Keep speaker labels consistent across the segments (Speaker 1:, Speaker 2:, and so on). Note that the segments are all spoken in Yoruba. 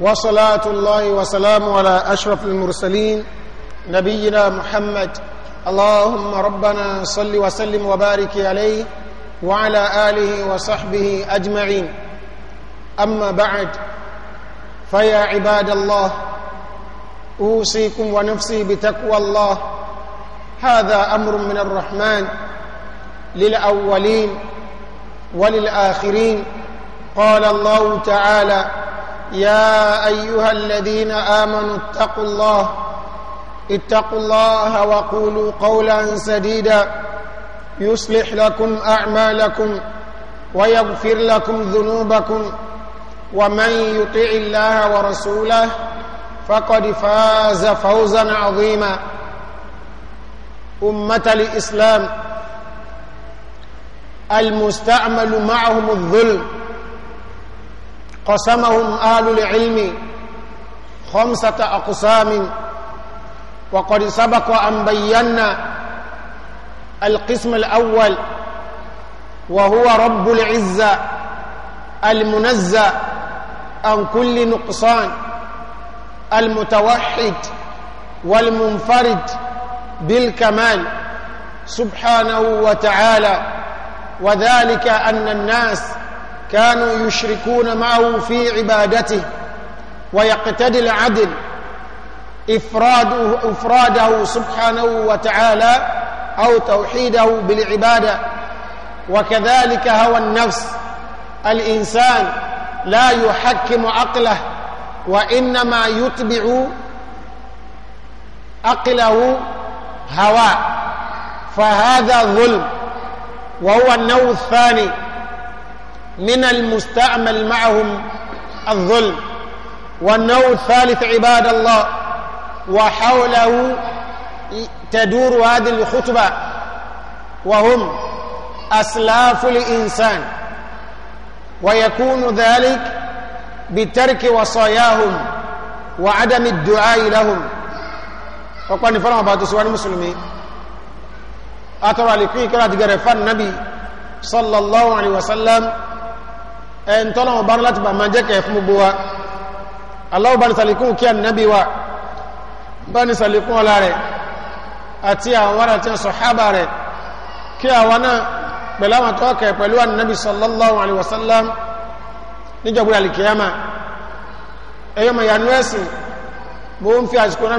Speaker 1: وصلاة الله وسلامه على أشرف المرسلين نبينا محمد اللهم ربنا صل وسلم وبارك عليه وعلى آله وصحبه أجمعين أما بعد فيا عباد الله أوصيكم ونفسي بتقوى الله هذا أمر من الرحمن للأولين وللآخرين قال الله تعالى يا ايها الذين امنوا اتقوا الله اتقوا الله وقولوا قولا سديدا يصلح لكم اعمالكم ويغفر لكم ذنوبكم ومن يطع الله ورسوله فقد فاز فوزا عظيما امه الاسلام المستعمل معهم الظلم قسمهم آل العلم خمسة أقسام وقد سبق أن بينا القسم الأول وهو رب العزة المنزه عن كل نقصان المتوحد والمنفرد بالكمال سبحانه وتعالى وذلك أن الناس كانوا يشركون معه في عبادته ويقتدي العدل إفراده, إفراده سبحانه وتعالى أو توحيده بالعبادة وكذلك هوى النفس الإنسان لا يحكم عقله وإنما يتبع عقله هواه فهذا ظلم وهو النوع الثاني من المستعمل معهم الظلم والنوع الثالث عباد الله وحوله تدور هذه الخطبة وهم أسلاف الإنسان ويكون ذلك بترك وصاياهم وعدم الدعاء لهم وقال نفرما بعد سوان المسلمين أترى لكي كرات غرفان النبي صلى الله عليه وسلم ẹn tọ́nà ọba ní láti bàmá jẹ́ kẹ̀ fún gbogbo wa Allahu bá ní sàlékún kí ànábì wa bá ní sàlékún ọlá rẹ̀ àti àwọn àti sọ̀hábà rẹ̀ kí àwọn náà pẹ̀lú àwọn tọ́ọ̀kẹ̀ pẹ̀lú ànábì sallallahu alaihi wasallam níjọba alìkìyàmà ẹ̀yọ́ mọ̀ yanu ẹ̀sìn mo ń fi àsìkò náà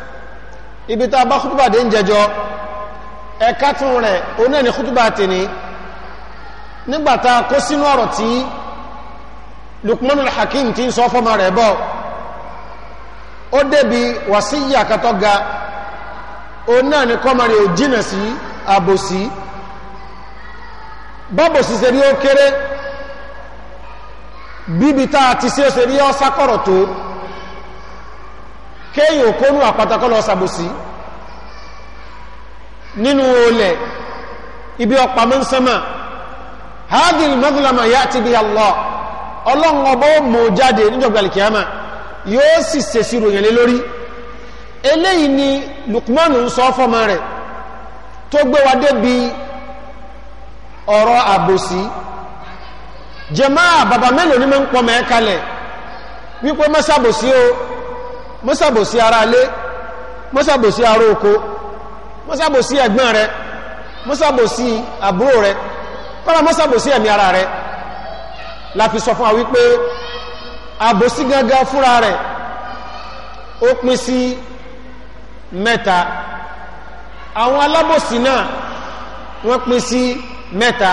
Speaker 1: ibi tá a bá kútùbà dé ń jẹjọ ẹ̀ka tún rẹ̀ oní ẹni kútùbà tèmi nígbàtà kó sínú ọ̀rọ̀ tí Lukmanul Hakim ti ń sọ fọ́mọ rẹ̀ bọ́ ó débi wàsíyà katọ́ ga oní náà ni ò jìnà sí àbòsí bábòsí ṣe ó kéré bíbi tá a ti ṣe ó ṣe ó sákọ̀rọ̀ tó kéyìn òkónú àpàtàkọ́ lọ sàbòsí nínú olẹ̀ ibi ọpa mọ́ sánmà hadil mazlama ya ti bi Allah ọlọ́run ọba ó mọ̀ jáde níjọba alìkìyàmà yóò sì sèsì ròyìn lé lórí eléyìí ni Lukman ń sọ fọ́mọ rẹ̀ tó gbé wa débi ọ̀rọ̀ àbòsí jàmáà bàbá mélòó ni mọ́ ń pọ̀ mẹ́ kalẹ̀ wípé mọ́sàbòsí o mọ́sàbòsí ara ilé mọ́sàbòsí ara oko mọ́sàbòsí ẹ̀gbọ́n rẹ mọ́sàbòsí àbúrò rẹ kọ́ra mọ́sàbòsí ẹ̀mí ara rẹ la fi sọ fún wa wípé àbòsí gangan fúnra rẹ̀ ó pín sí mẹ́ta àwọn alábòsí náà wọ́n pín sí mẹ́ta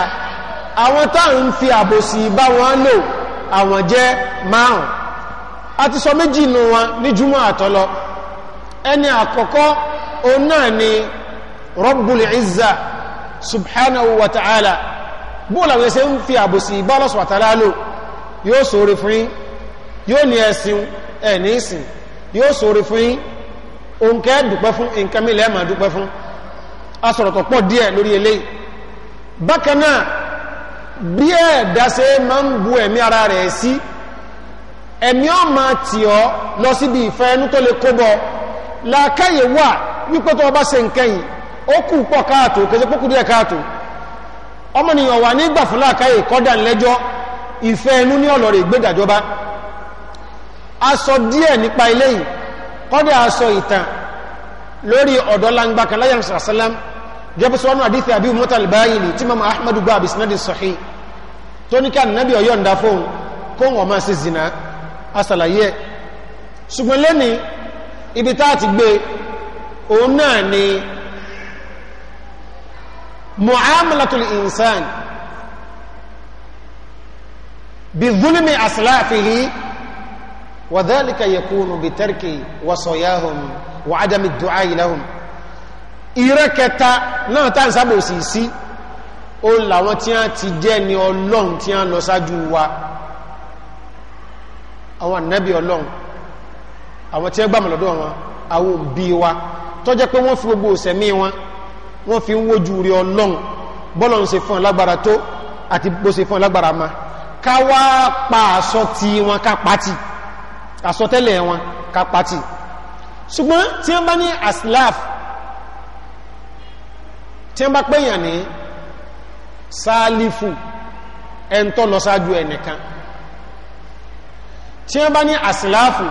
Speaker 1: àwọn táà ń fi àbòsí bá wọn lò àwọn jẹ́ márùn-ún a ti sọ méjì nù wọn ní júmọ́ àtọ́lọ ẹni àkọ́kọ́ òun náà ni Rabbul Izza subhanahu wa ta'ala bóòlà wọ́n ṣe ń fi àbòsí ìbálọ́sọ̀ àtàlá lò yóò sóre fún yóò ní ẹ̀sìn ẹ̀ní ìsìn yóò sóre fún yín dùpẹ́ fún nǹkan mílẹ̀ ẹ̀mà dùpẹ́ fún asọ̀rọ̀tọ̀ pọ̀ díẹ̀ lórí eléyìí bákan náà bí ẹ̀dá máa ń bu ẹ̀mí ara rẹ̀ sí si, ẹ̀mí ọ̀ máa tì ọ́ lọ síbi ìfẹ́ ẹnu tó lè kó bọ́ làákàyè wà wípé tó ọba ṣe nǹkan yìí ó kù pọ̀ káàtó kẹsẹ́ pọ̀ kù díẹ̀ káàtó ọmọnìyàn wà nígbà fún làákàyè kọ́dà lẹ́jọ́ ìfẹ́ ẹnu ní ọ̀lọ́rẹ̀ ìgbédàjọba aṣọ díẹ̀ nípa eléyìí kọ́dà aṣọ ìtàn lórí ọ̀dọ́ langba kan láyé sàlám jẹ́pẹ́sọ wọn àdífẹ́ àbí mọ́tà báyìí asàlàyé ẹ̀ ṣùgbọ́n lẹ́ni ibi tá a ti gbé òun náà ni mu'amalatul insan bi zulmi aslafihi wa dhalika yakunu bi tarki wasayahum wa adami du'a ìrẹ́ kẹta náà tá ń sábò sí sí ó làwọn tí a ti jẹ́ ni ọlọ́run tí a lọ sáájú wa àwọn ànábì ọlọ́run àwọn tí ẹ gbàmọ̀ lọ́dọ̀ wọn àwọn òbí wa tó jẹ́ pé wọ́n fi gbogbo òsẹ̀mí wọn wọ́n fi ń wójú rí ọlọ́run bọ́lọ̀ ń ṣe fún lágbára tó àti bó ṣe fún lágbára ma ká wá pa àsọ ti wọn ká pàtì àsọtẹ́lẹ̀ wọn ká pàtì ṣùgbọ́n tí wọ́n bá ní aslaf tí wọ́n bá pèèyàn ní sáálífù ẹ̀ńtọ́ lọ ṣáájú ẹnìkan tí wọ́n bá ní àsìláàfù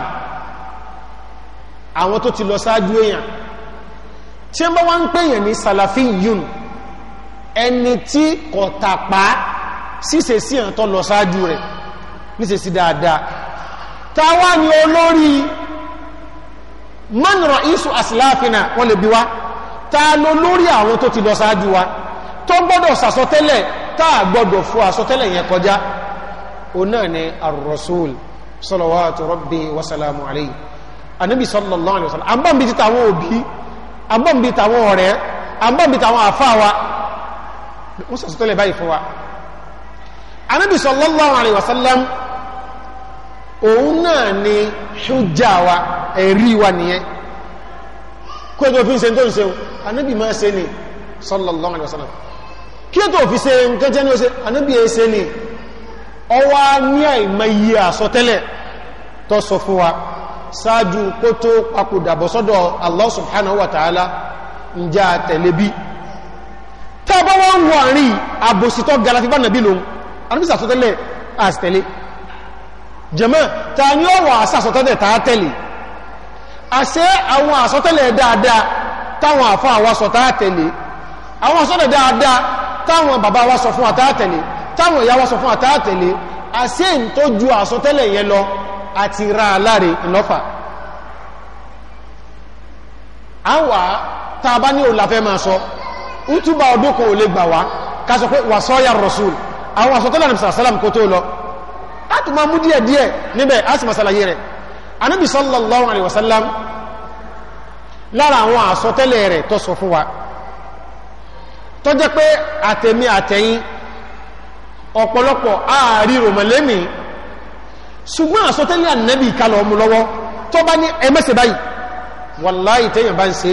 Speaker 1: àwọn tó ti lọ sáájú èèyàn tí wọ́n bá wá ń pèèyàn ní sàlàfí yun ẹni tí kò tàpá ṣíṣe sí ẹ̀ tó lọ sáájú rẹ̀ níṣe sí dáadáa táwa ni olórí man ra'isu àsìláàfínà wọ́n lè bi wá ta ló lórí àwọn tó ti lọ sáájú wa tó gbọ́dọ̀ sàsọtẹ́lẹ̀ tá gbọ́dọ̀ fún àsọtẹ́lẹ̀ yẹn kọjá òun náà ni ar-rasul salawatu rabbi wa salamu alayhi anabi sallallahu alayhi wa sallam abọ́n bí ti tàwọn òbí abọ́n bí tàwọn ọ̀rẹ́ abọ́n bí tàwọn àfáwa wọ́n sọ̀sọ̀ tó lè báyìí fún wa anabi sallallahu alayhi wa sallam òun náà ni ṣújà wa ẹ̀rí wa nìyẹn kó ètò òfin ṣe tó ń ṣeun anabi máa ṣe ni sallallahu alayhi wa kí ètò òfin ṣe nǹkan jẹ́ ní ó ṣe anabi ẹ̀ ṣe ni ọwá ní àìmọye àsọtẹ́lẹ̀ tó sọ fún wa ṣáájú kó tó papòdàbọ̀ sọ́dọ̀ Allah subhanahu wa ta'ala ń já tẹ̀lé bí tàbá wọ́n wọ àárín àbòsítọ́ galafibá nàbí lòun anúbísà sọtẹ́lẹ̀ àsìtẹ̀lé jẹ́mọ́ ta ní ọ̀rọ̀ àsàsọtẹ́lẹ̀ tàá tẹ̀lé àṣẹ àwọn wa sọ tàá tẹ̀lé àwọn àsọtẹ́lẹ̀ dáadáa táwọn wa sọ fún táwọn ìyá wa sọ fún àtàtẹ̀lé àṣẹ ń tó ju àsọtẹ́lẹ̀ yẹn lọ àti ra aláre ìlọ́fà àwà tá a bá ní òlàfẹ́ máa sọ útúbà ọdún kan ò lè gbà wá ká sọ pé wà sọ́yà rọ̀sùl àwọn àsọtẹ́lẹ̀ sallallahu alaihi wasallam lára àwọn àsọtẹ́lẹ̀ rẹ̀ tó wa tó jẹ́ pé àtẹ̀mí àtẹ̀yìn ọ̀pọ̀lọpọ̀ ààrí rọ̀mọ̀lẹ́mì ṣùgbọ́n àsọtẹ́lẹ̀ ànẹ́bì ìkàlọ̀ ọmọ lọ́wọ́ tó bá ní ẹmẹ́sẹ̀ báyìí wàláì tẹ́yìn bá ń ṣe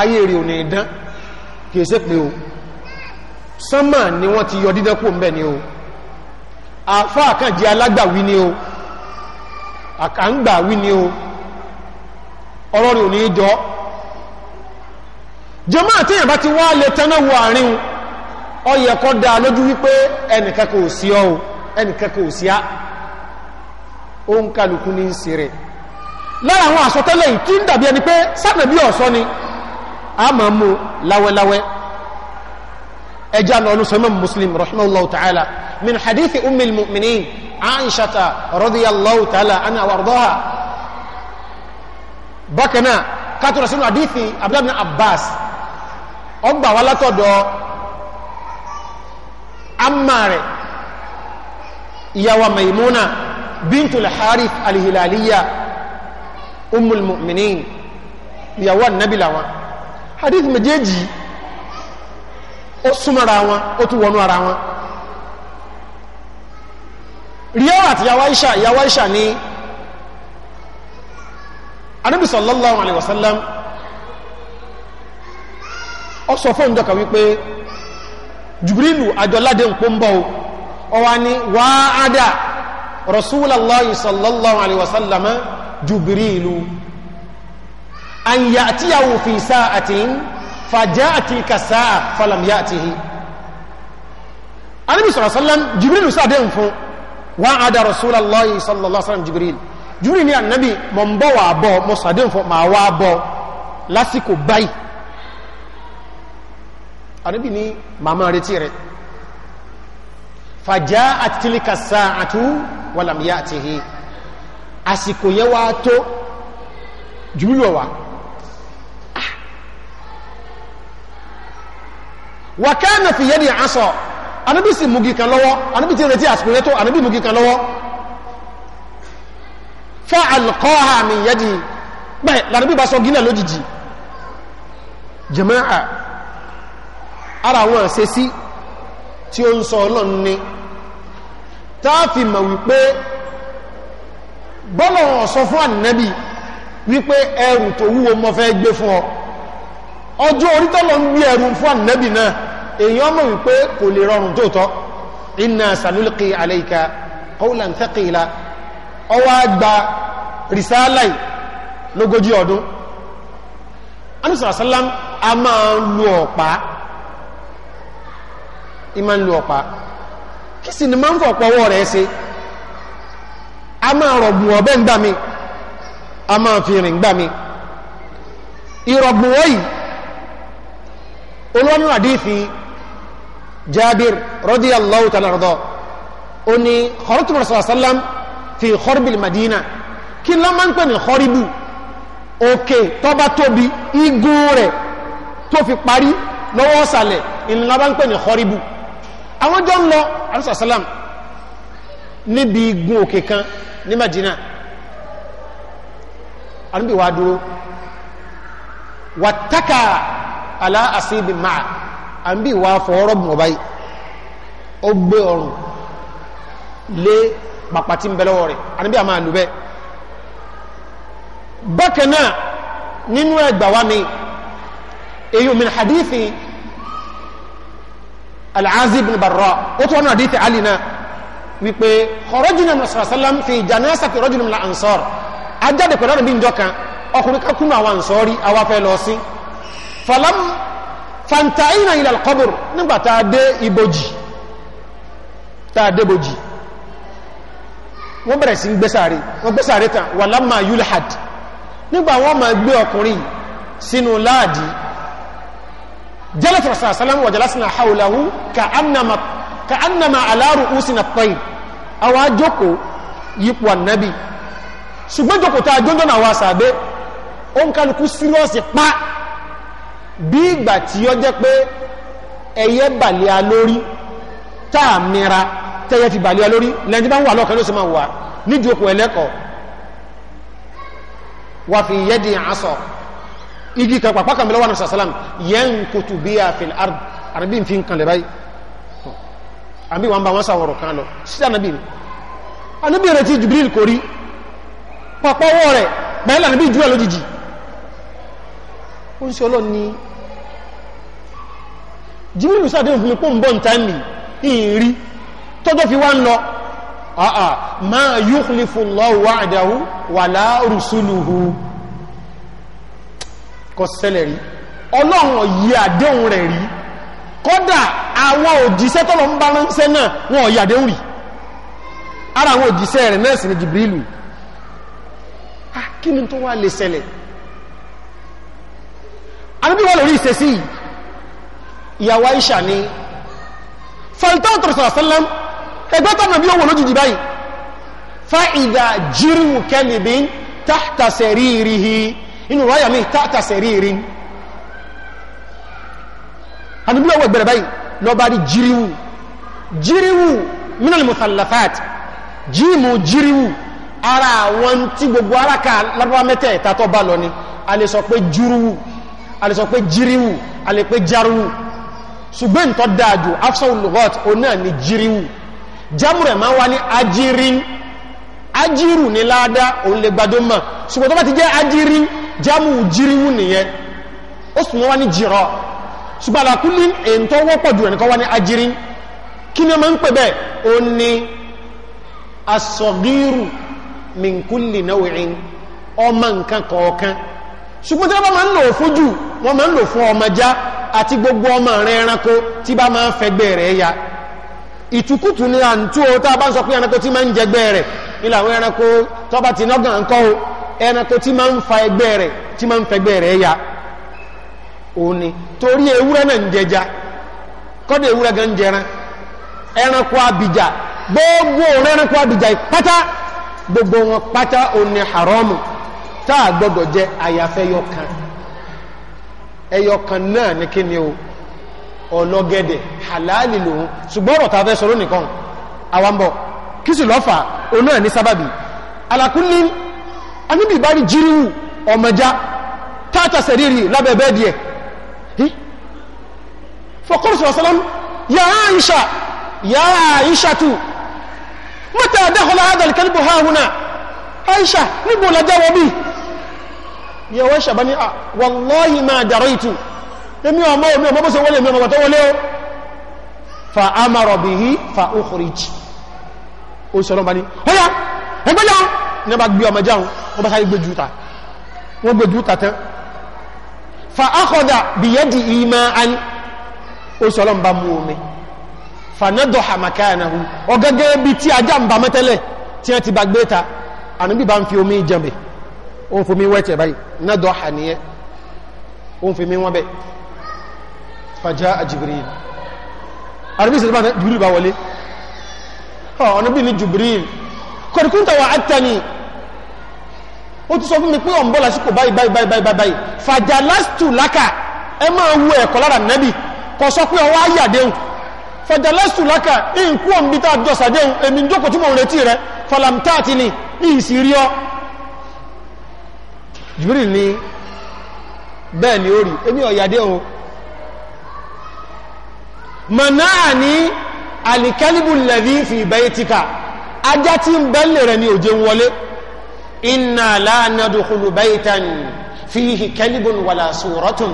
Speaker 1: ayé rí òní ìdán kìí ṣe pé o sánmà ni wọ́n ti yọ dídán ni o àfá àkànjẹ alágbàwí ni o àkàngbàwí ni o ọ̀rọ̀ rí òní ìjọ jàmáà tẹ́yìn bá ti wá lẹ́tẹ́náwó àárín ó yẹ kó dá lójú wípé ẹnìkan kò sí ọ́ ẹnìkan kò sí á ó ń kálukú ní sí rẹ̀ lára àwọn àsọtẹ́lẹ̀ yìí tí ń dàbí ẹni pé sánàbí ọ̀sọ́ ni a máa mú láwẹ́láwẹ́ ẹjá lọ ọlọ́sọ imam muslim rahimahullahu ta'ala min hadithi umil mu'minin aishata radiyallahu ta'ala ana wardoha bákanáà kátó rasinu hadithi abdullahi abbas ọgbà wa látọ̀dọ̀ amma rẹ̀ ìyàwó maimuna bintul harith alhilaliya umul mu'minin ìyàwó annabi làwọn hadith méjèèjì ó súnmọ́ra wọn ó tún wọnú ara wọn ríọ́ àti ìyàwó aisha ìyàwó aisha ni anábì sallallahu alaihi wasallam ó sọ fún ìjọka wípé jùbìrìlù àjọládé nǹkó ń bọ̀ ọ wá ní wàhádà rasulallahi sallallahu alaihi wasallam jùbìrìlù an ya'tiyahu fi sa'atin fàjáàtì kàsáà falamyàtìhì anabi sallallahu alaihi wasallam jibril sáàdé ń fún wọ́n adá rasulallahi sallallahu alaihi wasallam jibril jibril ni annabi mọ̀ ń bọ̀ wà bọ̀ mọ̀ sáàdé ń fún ma wà bọ̀ lásìkò báyìí ànábì ní màmá retí rẹ̀ fàjá àti tílíkà sáàtú wàlàmìyà àti hì àsìkò yẹn wá tó jùlọ wá ah. wà káàmà fi yẹ́ ni àṣọ ànábì sì mugi kan lọ́wọ́ ànábì tí retí àsìkò yẹn tó ànábì mugi kan lọ́wọ́ fa alqaha min yadi bẹ́ẹ̀ ara àwọn àṣesí tí ó ń sọ ọlọ́run ni táàfì mọ̀ wípé bọ́lọ̀ ọ̀sọ fún ànábì wípé ẹrù tó wúwo mọ́ fẹ́ gbé fún ọ ọjọ́ orí tọ́lọ̀ ń gbé ẹrù fún ànábì náà èèyàn mọ̀ wípé kò lè rọrùn tóòtọ́ inna sanulqi alayka qawlan thaqila ọwọ́ àgbà rìsáláì lógójì ọdún a máa ń lu ọ̀pá ìmọ̀ ń lo ọ̀pá kí sì ni máa ń fọ̀pọ̀ ọwọ́ rẹ̀ ṣe a máa rọ̀gbùn ọ̀bẹ ń gbà mí a máa fi rìn gbà mí ìrọ̀gbùn wọ́yìí olóòmù àdífi Jabir radiyallahu ta'ala rọ̀dọ̀ ó ní kọ̀rọ̀tùmọ̀ sàlám fi kọ́rìbìl Madina kí ló máa ń pè ní kọ́rìbù òkè tọ́ba tóbi igun rẹ̀ tó fi parí lọ́wọ́ ọ̀sàlẹ̀ ìlànà bá ń pè ní kọ́rìbù àwọn jọ ń lọ alùsàsálàm níbi igun òkè kan ní Madina àníbì wá dúró wà tákà aláàsíbi máa àníbì wá fọ́ọ́rọ́ bùn ọba ó gbé ọrùn lé pàpàtí ń rẹ̀ àníbì àmà àlùbẹ́ bákan náà nínú ẹgbàá mi èyí min hadithi al-Azi ibn Barra ó tún ọ̀nà àdìtì Ali náà wípé kharajna nàṣàlám fi janazati rajulin min al-ansar ajáde pẹ̀lú àdìbí njọ́ kan ọkùnrin ká kúnnú àwọn ànsọ́rí àwa fẹ́ lọ sí falam fantaina ila al-qabr nígbà tá a dé ibojì tá a dé ibojì wọ́n bẹ̀rẹ̀ sí gbẹ́sàárẹ̀ wọ́n gbẹ́sàárẹ̀ tán wàlámà yulhad nígbà wọ́n máa gbé ọkùnrin sínú láàdì جلس رسول الله صلى الله عليه وسلم وجلسنا حوله كأنما كأنما على رؤوسنا الطيب أو أجوكو يقوى النبي ṣùgbọ́n jòkó tá a jọ́jọ́ náà wá sàbẹ́ ó ń kálukú sírọ́ọ̀sì pa bí ìgbà tí ó jẹ́ pé ẹyẹ bàlẹ́ a lórí tá tẹ́yẹ fi bàlẹ́ a lórí ń wà lọ́kẹ́ ló sì máa wà nídìí okùn ẹlẹ́kọ̀ọ́ wà fi yẹ́dì àásọ̀ igi kan pàpá kan bẹ̀lọ́wọ́ àmìsàsálàm yẹn kò tù bí àfin àrẹ́bí fi ń kan lè báyìí àbí wọn bá wọn sàwọ̀rọ̀ kan lọ sí ànábì ni ànábì rẹ̀ ti Jibril kò tọ́jọ́ fi wá ń lọ àà máa yukhlifu Allahu wa'dahu wala rusuluhu kò ṣẹlẹ̀ rí ọlọ́run ọ̀yí àdéhùn rẹ̀ rí kódà àwọn òjíṣẹ́ tọ́lọ ń bá ránṣẹ́ náà wọn ọ̀yí àdéhùn rí ara àwọn òjíṣẹ́ rẹ̀ náà sì ni Jibrilu ah, kí ni tó wá lè ṣẹlẹ̀ àbíbí wọ́n lórí ìṣesí ìyàwó Aisha ni fàlítọ́tọ̀ sàlám ẹgbẹ́ tọ́nà bí ó lójijì báyìí fa ìdá jírù kẹ́lìbín tahta saririhi inú ráyà mi tààtà sẹ̀rí ìrìn àdúgbò ọwọ́ ìgbẹ̀rẹ̀ báyìí lọ bá rí jíríwù jíríwù mínà mùsàlàfàt jíìmù jíríwù ara àwọn tí gbogbo aráka lábábá mẹ́tẹ̀ẹ̀ta tó bá lọ ni a lè sọ pé júrúwù a lè sọ pé jíríwù a lè pé járúwù ṣùgbọ́n tó dáadù afsọ́lùgọ́t o ni jíríwù jámùrẹ̀ máa wá ní ajírin ajíru ni láadá òun lè gbadó mọ̀ ṣùgbọ́n tó bá ti jẹ́ ajírin jámù jíríwú nìyẹn ó sì wọ́n wá ní jìrọ ṣùgbọ́n àkúlé èntọ́ wọ́pọ̀ jù ẹnìkan wá ní ajírí kí ni ọmọ ń pè bẹ́ẹ̀ ó ní asọ̀gírù min kulli naw'in ọmọ nǹkan kọ̀ọ̀kan ṣùgbọ́n tí wọ́n máa ń lò fún jù wọ́n máa ń lò fún ọmọ já àti gbogbo ọmọ rẹ ẹranko tí bá máa ń fẹgbẹ́ rẹ̀ ya ìtukùtù ni à ń tú o tá a bá ń sọ pé ẹranko tí máa ń jẹgbẹ́ rẹ̀ ni làwọn ẹranko tó bá ti nọ́gàn ń o ẹranko ti máa ń fa ẹgbẹ́ rẹ̀ máa ń rẹ̀ ya òní torí ewúrẹ́ náà ń jẹja kọ́dọ̀ ewúrẹ́ gan jẹran ẹranko abìjà gbogbo ẹranko abìjà pátá gbogbo wọn pátá òní haramu tá a gbọdọ̀ jẹ àyàfẹ́ yọkan ẹyọkan náà ní kí o ọlọ́gẹ̀dẹ̀ halali lòun ṣùgbọ́n ọ̀rọ̀ ta fẹ́ sọ lónìí àwọn bọ̀ kí sì lọ́fà òun náà ní sábàbí aníbi ìbárí jíríwù ọmọjá tààtà sẹ̀rírì lábẹ̀bẹ̀ díẹ̀ fọkọ́rù sọ̀rọ̀sọ́lọ́m yà Àìṣà yà Àìṣà tù mẹ́ta àdáhọ́lá àdàlìkẹ́lìbò ha hùnà Àìṣà níbo lajá wọ bí yà wọ́n ṣàbá ní à ah, wallahi máa dàrọ ìtù èmi ọmọ omi ọmọ bọ́sẹ̀ wọlé mi ọmọ tó wọlé o fa ní bá gbé ọmọ jáun wọ́n bá sáré gbé júta wọ́n gbé júta tán fa akọ̀dà bìyẹ́dì ìmọ̀ an ó sọ lọ́nà bá mú omi fa náà dọ̀ha makanahu ọgẹ́gẹ́ bí tí ajá ń bá mẹ́tẹ́lẹ̀ tí wọ́n ti bá gbé ta ànúbí bá ń fi omi jẹmẹ̀ ó ń fi omi wẹ́tẹ̀ báyìí náà dọ̀ha nìyẹn ó ti sọ fún mi pé ọ̀n bọ́ lásìkò báyìí báyìí báyìí báyìí báyìí fàjà lásìtù lákà ẹ máa wu ẹ̀kọ́ lára nẹ́bì kọ sọ pé ọwọ́ ayé àdéhùn fàjà lásìtù lákà ìkú ọ̀nbí tá a jọ sàdéhùn èmi ń jókòó tí mo retí rẹ falamtaati ni ìsì rí ọ. Jibril ni bẹ́ẹ̀ ni ó rí èmi ọ̀yàdé o mọ̀náà ní alikẹ́líbù lẹ́bí fi ìbẹ́yẹ tíkà ajá tí ń bẹ́ẹ̀lẹ̀ rẹ̀ ni òjò wọlé inna la nadkhulu baytan fihi kalbun wala suratun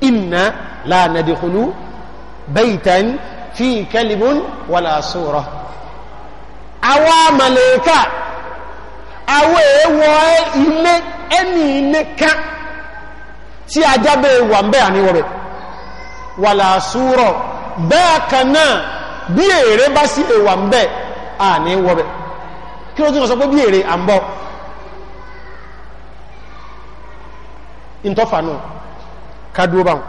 Speaker 1: inna la nadkhulu baytan fihi kalbun wala surah àwa malaika àwa ewo ilé ẹni ilé kan tí ajabe wà ńbẹ̀ ani wobe wala surah bẹ́ẹ̀ kan náà bí èrè bá sí èwà ńbẹ̀ àní wọ́bẹ̀ kí ló tún sọ pé bí èrè à ń bọ́ ìntọ́fà náà kádúró báwọn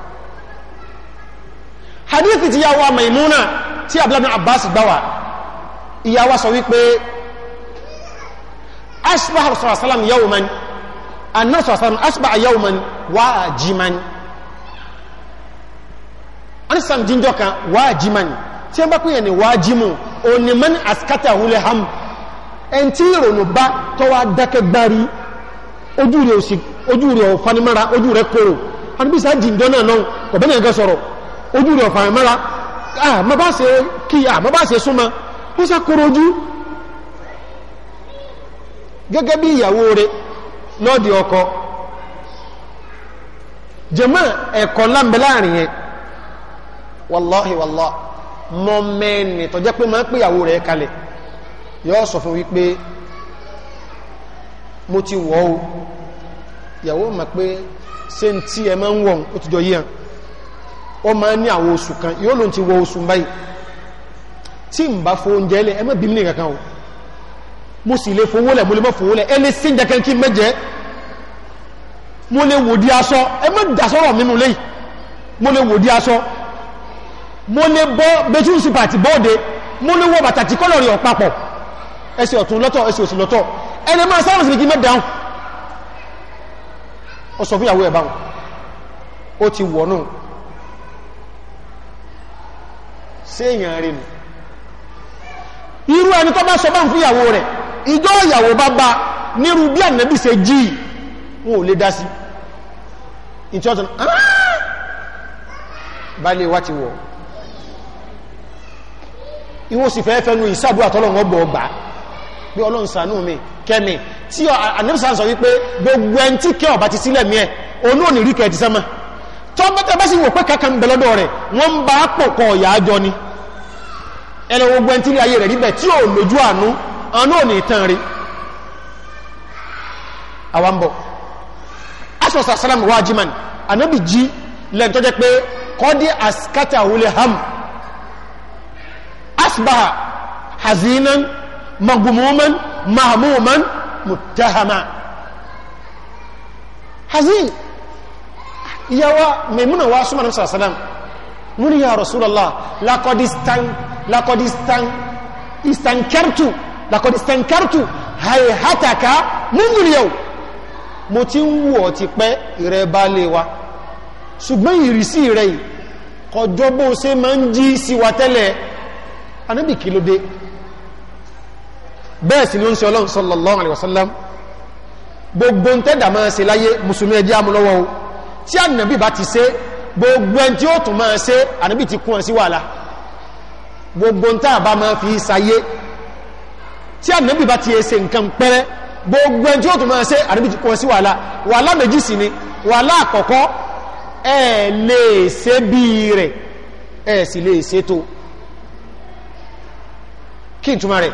Speaker 1: hadithi ti yàwó Maimuna tí abúlábí Abbas gbáwà ìyàwó sọ wípé asbah sọ̀rọ̀sálàm yawman anna sọ̀rọ̀sálàm asbah yawman wajiman anisam jíjọ kan wajiman tí a bá kúyẹ̀ ni wajimu onímọ̀ askata hulẹ̀ hamu ẹn tí ìrònú bá tó wá dákẹ́ gbárí ojú rẹ̀ òsì ojú rẹ̀ ọ̀fanimára ojú rẹ̀ kòrò anubisa jìndọ́ náà náà kọ̀bẹ́nà ẹ̀gẹ́ sọ̀rọ̀ ojú rẹ̀ ọ̀fanimára ah mo bá ṣe kí ah mo bá ṣe súnmọ́ ó sá kòrò ojú gẹ́gẹ́ bí ìyàwó rẹ̀ lọ́dì ọkọ jẹ́mọ́ ẹ̀kọ́ lámbẹ́ láàrin yẹn wàláhì wàláhì mọ́mẹ́ni tó pé máa ń pèyàwó rẹ̀ kalẹ̀ yóò sọ fún wípé mo ti wọ̀ ọ́ ìyàwó mọ̀ pé ṣé n tí ẹ máa ń wọ̀ ó ti jọ yíyan ó máa ń ní àwọn oṣù kan yóò lóun ti wọ oṣù báyìí tí n bá fowó oúnjẹ lẹ ẹ má bí mi nìkan kan o mo sì lè fowó lẹ mo lè má fowó lẹ ẹ sí ìjà kankan mẹjẹ mo lè wò di aṣọ ẹ má dàsọ̀rọ̀ mímu lẹ́yìn mo lè wò di aṣọ mo lè bọ́ bẹ́túrú pàtì bọ́ọ̀dẹ mo lè wọ bàtà tí kọ́lọ̀ rẹ̀ ọ̀pápọ̀ ẹsẹ̀ ọ̀tún lọ́tọ̀ ẹsẹ̀ òsì lọ́tọ̀ ẹni máa sáwọn sí mẹ́ dáhùn ó sọ fúyàwó ẹ̀bá wọn ó ti wọ̀ náà sí èèyàn rẹ̀ nù irú ẹni tó bá sọ bá ń fúyàwó rẹ̀ ìjọ ìyàwó bá bá nírú bí ànẹ́bì ṣe jí wọn ò lè dá sí ìtọ́tún ah! balẹ̀ wá ti wọ̀ ìwọ́sì fẹ́ẹ́fẹ́ nu gbọ́ ọgbà pé ọlọ́run ṣàánú mi kẹ́mi tí àníbùsà sọ wípé gbogbo ẹni tí kẹ́ ọ̀bá ti sílẹ̀ mi ẹ̀ onú òní rí kẹ́ẹ̀dì sẹ́mà tó bẹ́tẹ̀ bá sì wò pé kankan bẹ̀ lọ́dọ̀ rẹ̀ wọ́n ń bá pọ̀ kọ ọ̀yà àjọ ni ẹni gbogbo ẹni tí ilé ayé rẹ̀ rí tí ò lójú àánú àánú òní ìtàn rí àwa ń bọ̀ asọ̀sà sálàmù wájíman ànábì jí lẹ́n tó pé kọ́dí asbaha hazinan مغموما مهموما متهما hazin ìyàwó Maimuna wa súnmọ̀ náà sàrásàdán wọ́n yà Rasulullah lakọdistan lakọdistan istankartu lakọdistankartu haihataka mundur yau mo ti ń wọ̀ ti pẹ́ ìrẹ bá lè wa ṣùgbọ́n ìrísí rẹ̀ kọjọ́ bó ṣe máa ń jí sí wa tẹ́lẹ̀ anábì kìlódé bẹ́ẹ̀ sì ni ó ń ṣe ọlọ́run sallallahu alaihi wasallam gbogbo tẹ́dà máa ṣe láyé mùsùlùmí ẹjẹ́ amúlọ́wọ́ o tí ànàbì bá ti ṣe gbogbo ẹn tí ó tún máa ṣe ànàbì ti kún ọ sí wàhálà gbogbo tẹ́ àbá máa fi ṣayé tí ànàbì bá ti ṣe nǹkan pẹ́rẹ́ gbogbo ẹn tí ó tún máa ṣe ànàbì ti kún ọ sí wàhálà wàhálà méjì sì ni wàhálà àkọ́kọ́ ẹ lè ṣe bí rẹ̀ ẹ sì lè ṣètò kí n túmọ̀ rẹ̀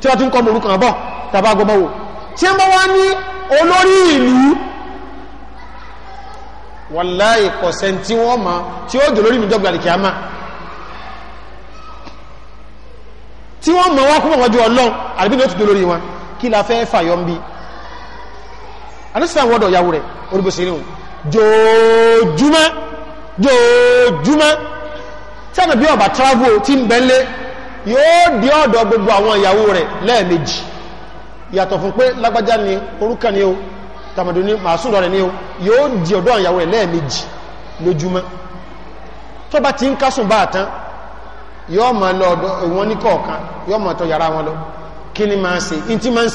Speaker 1: tí wọ́n tún kọ́ morúkọ àbọ̀ tàbá agbọ́mọ́wò tí wọ́n wá ní olórí ìlú wàláì kọ̀sẹ̀ tí wọ́n ma tí ó dòlórí ìlú dọ́gba àdìkì àmà tí wọ́n mọ̀ wá kúmọ̀ ọjọ́ ọlọ́run àbí ló ti dòlórí wọn kí la fẹ́ fàyọ́ ń tí àmì bí ọba travel ti ń bẹ́ńlé yóò di ọ̀dọ̀ gbogbo àwọn ìyàwó rẹ̀ lẹ́ẹ̀mejì yàtọ̀ fún pé lágbájá ni orúkà ni o tàmàdù ni màásùlọ rẹ̀ ni o yóò di ọ̀dọ̀ ìyàwó rẹ̀ lẹ́ẹ̀mejì lójúmọ́ tó bá ti ń kásùn bá àtán yóò máa lọ ọ̀dọ̀ ìwọ̀n ní kọ̀ọ̀kan yóò máa tọ yàrá wọn lọ kí ni máa ń ṣe in ti máa ń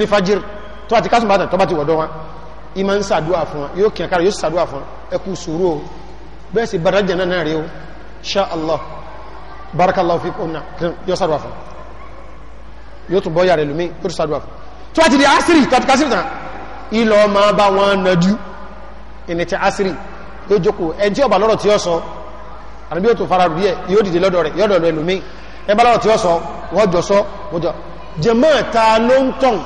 Speaker 1: ni fajir tó àti kásùn bá àtàn tó ìmá ń sàdúwà fún wọn yóò kí àkàrà yóò sàdúwà fún ẹkù sùúrù o bẹ́ẹ̀ sì bára jẹ́ náà rí o ṣá allah barakallahu fi kùnà yóò sàdúwà fún yóò tún bọ́yà rẹ̀ lómi yóò sàdúwà fún tó àti di asiri tó àti kásìrì ilọ̀ máa bá wọn nàdú ìní ti asiri yóò jókòó ẹni tí ọba lọ́rọ̀ tí ó sọ àbí yóò tó fara rú díẹ̀ yóò dìde lọ́dọ̀ rẹ̀ yọ́dọ̀ rẹ̀ lómi ẹ bá lọ́rọ̀ tí ó sọ wọ́n jọ sọ wọ́n jọ jẹ̀mọ́ ta ló ń tàn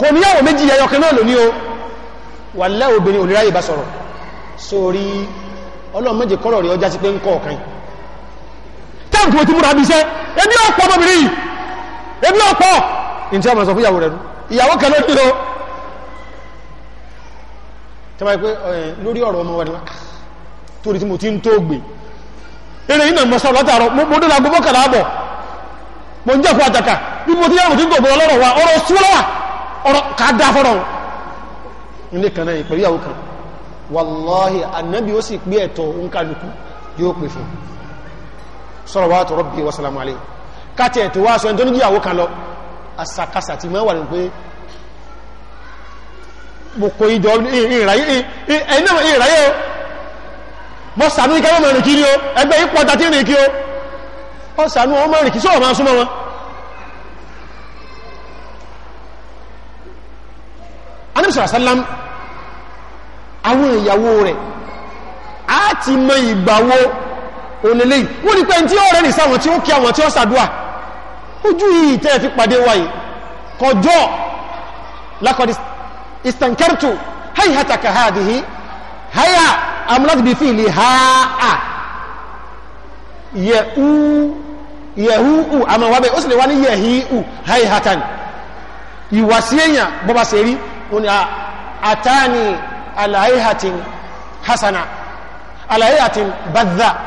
Speaker 1: kò níyàwó méjì ẹyọkan náà lóní o wà lẹ́ obìnrin oníráyè bá sọ̀rọ̀ sórí ọlọ́mọdé kọ́rọ̀ rẹ̀ ọjá sí pé ń kọ́ ọ̀kan tẹ́ǹkù tí múra bí iṣẹ́ ebi ọ̀pọ̀ ọmọbìnrin yìí ebi ọ̀pọ̀ ní tí a máa sọ fún ìyàwó rẹ̀ ìyàwó kan ló dúró tẹ́wà pé lórí ọ̀rọ̀ ọmọ wọn torí tí wa ọ̀rọ̀ ọ̀rọ̀ ká dá fọ́rọ̀ ilé kan náà pẹ̀lú ìyàwó kan wàláhì ànábì ó sì pé ẹ̀tọ́ òǹkàlùkù yóò pè fún sọ̀rọ̀ wà tọ̀rọ̀ bí wasalamu alẹ́ káti ẹ̀tọ́ wá sọ ẹni tó ní ìyàwó kan lọ àsàkásà ti máa wà ní pé mo kò ìdọ̀ ìrìnráyé mọ́ sànú ikẹ́ mọ́ rìn kí ni ó anisọ̀rọ̀ sálám àwọn ìyàwó rẹ̀ á ti mọ ìgbàwó onílé wọ́n ni pé tí ó rẹ̀ nìsá wọn tí ó kí àwọn tí ó sàdúà ojú yìí tẹ́ fi pàdé wáyé kọjọ́ lakọ̀dí istankertu hayhata ka hadihi haya amulat fi li haa yẹ̀ú yẹ̀húù àmàwábẹ̀ ó sì lè wá ní yẹ̀híù hayhatan bọ́bá ṣe ó ní àtàní aláìhàtín hasana aláìhàtín badda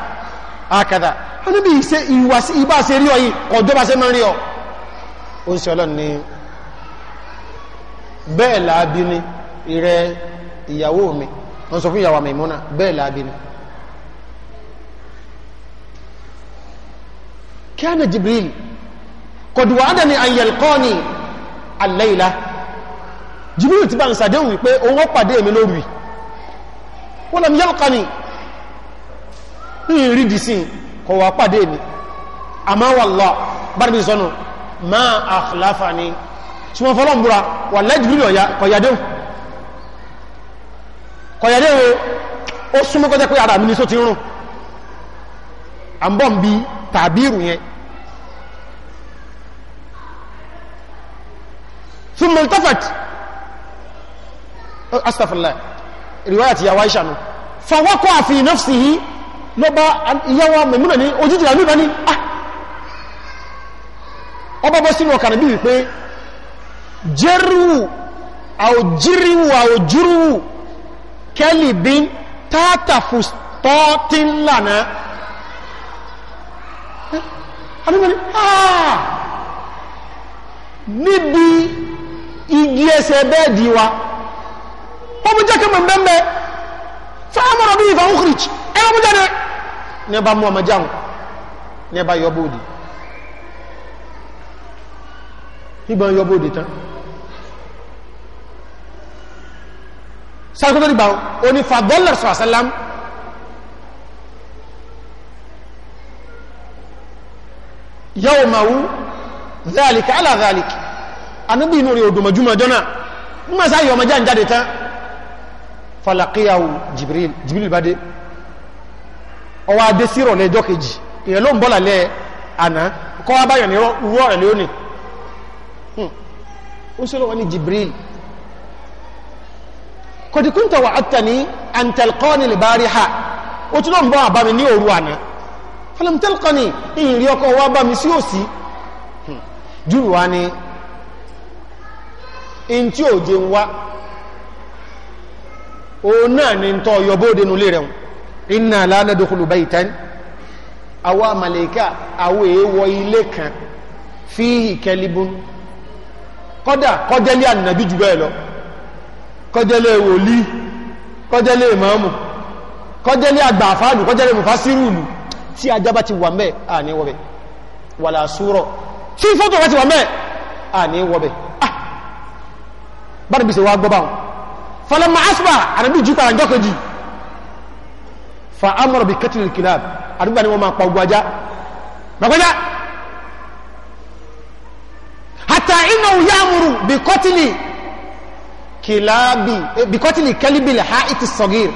Speaker 1: akada ó ní bí ìbá ṣe rí ọ yìí ọjọ́ bá ṣe mọ́ rí ọ ó ń ṣe ọlọ́run ní bẹ́ẹ̀ láàbí ni ìrẹ ìyàwó mi wọ́n sọ fún ìyàwó Maimuna bẹ́ẹ̀ láàbí ni kana Jibril qad wa'adani an yalqani al Jibril ti bá ń sàdéhùn wípé òun pàdé èmi lórí wọ́n lọ́m yẹ́lùkà ní ìrìn dì sí kọ̀ wà pàdé èmi àmá wallah bárbí sọ́nà ma àkìláfà ní tí wọ́n fọ́lọ́ múra wà lẹ́ Jibril kọ̀yàdéhùn kọ̀yàdéhùn ó súnmọ́ kọjá pé ara mi ní só ti rún àbọ̀n bí tàbírù yẹn ثم التفت astagfirullah riwaya ti no, aisha nu afi àfi nafsihi ló bá ìyàwó mẹ́múnà ní ojújì àmì ìbá ní ah ọba bọ́ sínú ọkà nàbí wípé jẹ́rùwù àòjíríwù àòjúrùwù kẹ́lìbí tátàfù tọ́tínlànà àmìbẹ̀rẹ̀ ah níbi igi ẹsẹ̀ bẹ́ẹ̀dì wa wọ́n mú jẹ́kí mọ̀ bẹ́ẹ̀ fáwọn ọdún ìfà òkìrìjì ẹ̀rọ mú jáde ní ẹba mú ọmọ jáun ní ẹba yọbóòdì ìgbà yọbóòdì tán sáàkótó dìgbà oní fàdọ́lẹ̀ sọ̀rọ̀sẹ́lám yau mawu zalika ala zalika anubi inú rí odò mọ̀júmọ̀jọ́ mú ma sáà yọ ọmọ jáde tán falakiyahu jibril jibril bá dé ọwọ́ adé sí ìrọ̀lẹ́ ẹjọ́ kejì èèyàn ló ń bọ́là lẹ́ àná kọ́ wá báyọ̀ ní wúrọ̀ rẹ̀ lónìí hmm. ó sọ́rọ̀ wọn ni jibril kọ̀dìkúntà wà átàní àǹtẹ̀lkọ́ni lè bá rí ha ó tún náà bọ́ àbámi ní òru àná falamtẹ́lkọ́ni ìrìn ọkọ̀ wá bá sí òsì hmm. júrù wa ni in tí ò jẹun wá òun náà ni tọ́ yọbóde nulé rẹ̀ iná lánàdókòlù bá ìtẹ́n àwa màlẹ́kà àwọ èèwọ̀ ilé kan fi ìkẹlibún kọ́dà kọjẹ́lẹ́ ànàbí jù bẹ́ẹ̀ lọ kọjẹ́lẹ́ wòlí kọjẹ́lẹ́ ìmáàmù kọjẹ́lẹ́ àgbà àfáàlù kọjẹ́lẹ́ mùfásírùlù tí ajábá ti wà mẹ́ àníwọ̀bẹ̀ wà lásúrọ̀ tí fọ́tò wá ti wà mẹ́ àníwọ̀bẹ̀ ah bára fọlọ́mọ asùpà àdàbí jí padà jọ́ kejì fa amọ̀rọ̀ bí kẹtìlì kìláàbù àdúgbà ni wọ́n máa pa ogun ajá gbàgbọ́já hàtà iná òyà àmúrù bí kọ́tìlì kìláàbì bí kọ́tìlì kẹ́líbìlì ha ìtì sọ̀gìr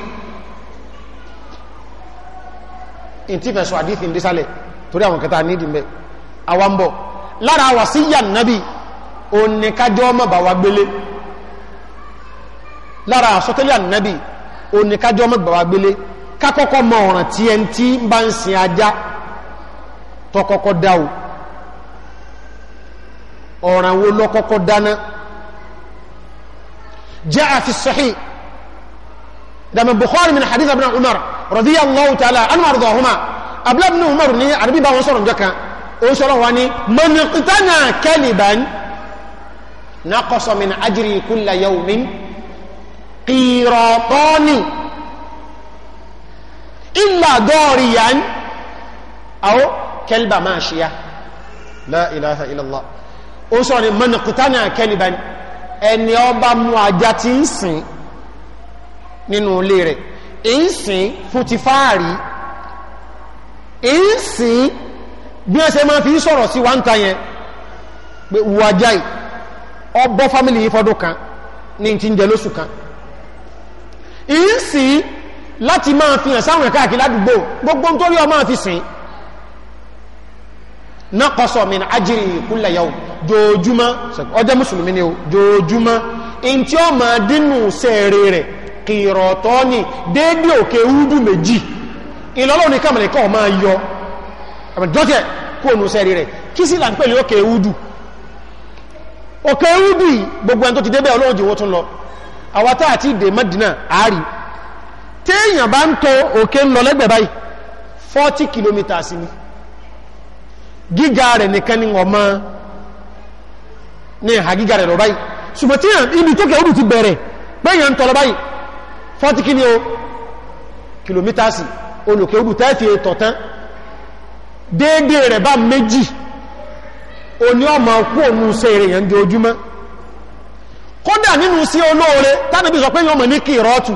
Speaker 1: ìntì fẹ̀sọ̀ àdìsí ndísàlẹ̀ torí àwọn kẹta nídìí mbẹ àwọn bọ̀ lára wàsíyà nàbì òun ni kájọ́ ọmọ bàwá gbélé lára àsọtẹ́lẹ̀ ànábì oníkájọ́ mẹ́gbàwá gbélé kákọ́kọ́ mọ ọ̀ràn tí ẹn tí ń bá ń sin ajá tọkọ́kọ́ dá o ọ̀ràn wo lọ́kọ́kọ́ dáná jaa fi sahih dama bukhari min hadith ibn umar radiyallahu ta'ala anhu ardahuma abla ibn umar ni ànábì bá wọn sọ̀rọ̀ njọ́ kan ó sọ̀rọ̀ wa ni man iqtana kaliban naqasa min ajri kulla yawmin kìrọ̀tọ́nì ìlà dọ́ọ̀rì yà ń àwọ́ kẹlbà máa ṣe ya la ilaha illallah ó sọ ni mọ́nàkútánà kẹlbà ẹni ọba mú ajá ti ń sìn nínú ilé rẹ̀ ń sìn fún ti fáàrí ń sìn bí wọ́n ṣe máa fi sọ̀rọ̀ sí wáńtà yẹn pé wàjáì ọbọ̀ fámìlì yìí fọdún kan ní ti ń jẹ lóṣù kan ìsìn láti máa fi hàn sáwọn ẹ̀ka àkí ládùúgbò gbogbo ń torí ọmọ fi sìn náà kọsọ̀ mi ní ajírí ìkúnlẹ̀ yàwó jòjúmọ́ ọjọ́ mùsùlùmí ni o jòjúmọ́ in tí ó máa dínú sẹ́ẹ̀rẹ̀ rẹ̀ kìrọ̀tọ́ ni déédé òkè údú méjì ìlọ́lọ́ ní kàmàlẹ̀ kọ́ máa yọ àmàdọ́tẹ̀ kú ònú sẹ́ẹ̀rẹ̀ rẹ̀ kí sí là ń pèlè òkè údú òkè údú gbogbo ẹni tó ti débẹ̀ ọlọ́run àwátá àti ìdè mẹ́dínà àárí téèyàn bá ń tọ òkè ń lọ lẹ́gbẹ̀ẹ́ báyìí 40 kilometers ni gíga rẹ̀ nìkan ni ọmọ ní ìhà gíga rẹ̀ lọ báyìí ṣùgbọ́n tí ibi tó kẹ́ odù ti bẹ̀rẹ̀ péyàn ń tọ lọ báyìí 40 kí ni o olùkẹ́ odù tẹ́ẹ̀fì tọ̀tán déédéé rẹ̀ bá méjì oní ọmọ kú òun ṣe èrè ojúmọ́ kódà nínú sí olóore tánàbí sọ pé yóò mọ̀ ní kìrọ́tù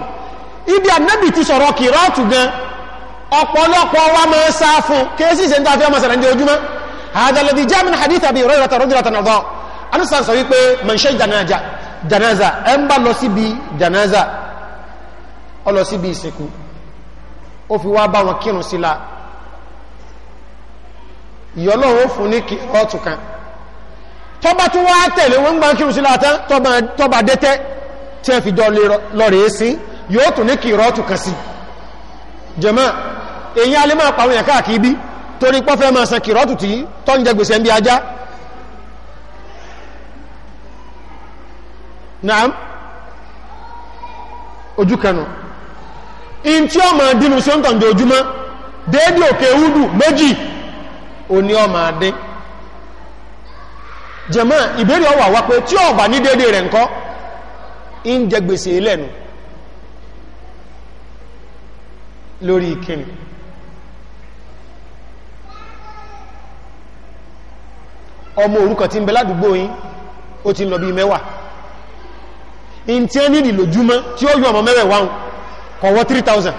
Speaker 1: ibi ànábì ti sọ̀rọ̀ kìrọ́tù gan ọ̀pọ̀lọpọ̀ wa máa sá fún kéésì ṣe ń tàbí ọmọ sàrẹ̀ ní ojúmọ́ àdàlẹ́dì jámin hadith àbí ìrọ̀ ìrọ̀tà rọ́dìrà tàn ọ̀dọ́ anúsàn sọ wípé mọ̀ṣẹ́ janaza janaza ẹ ń bá lọ síbi janaza ọ lọ síbi ìsìnkú tọba tún wá tẹ̀lé wọn gbá kírun sí látán tọba dẹ́tẹ́ tí ẹ fi jọ lọ́rẹ̀ sí yóò tún ní kí rọ́ọ̀tù kan sí jàmáà èyí alẹ́ máa pàwọn èèyàn káàkiri bí torí pọ́fẹ́ máa san kí rọ́ọ̀tù tí tọ́ ń jẹ gbèsè ń bí ajá naam ojú kanu in tí ọmọ dínú sí ó ń ojúmọ́ déédé òkè údù méjì òní ọmọ adé jẹ̀mọ́ ìbéèrè ọwà wá pé tí ọ̀bà ní dédé rẹ̀ ńkọ́ ń jẹ gbèsè lẹ́nu lórí ìkíni ọmọ òrukàn tí ń bẹ ládùúgbò yín ó ti lọ bí mẹ́wàá in tí ẹ nídì lójúmọ́ tí ó yọ ọmọ mẹ́rẹ̀ wáhùn kọ̀wọ́ 3000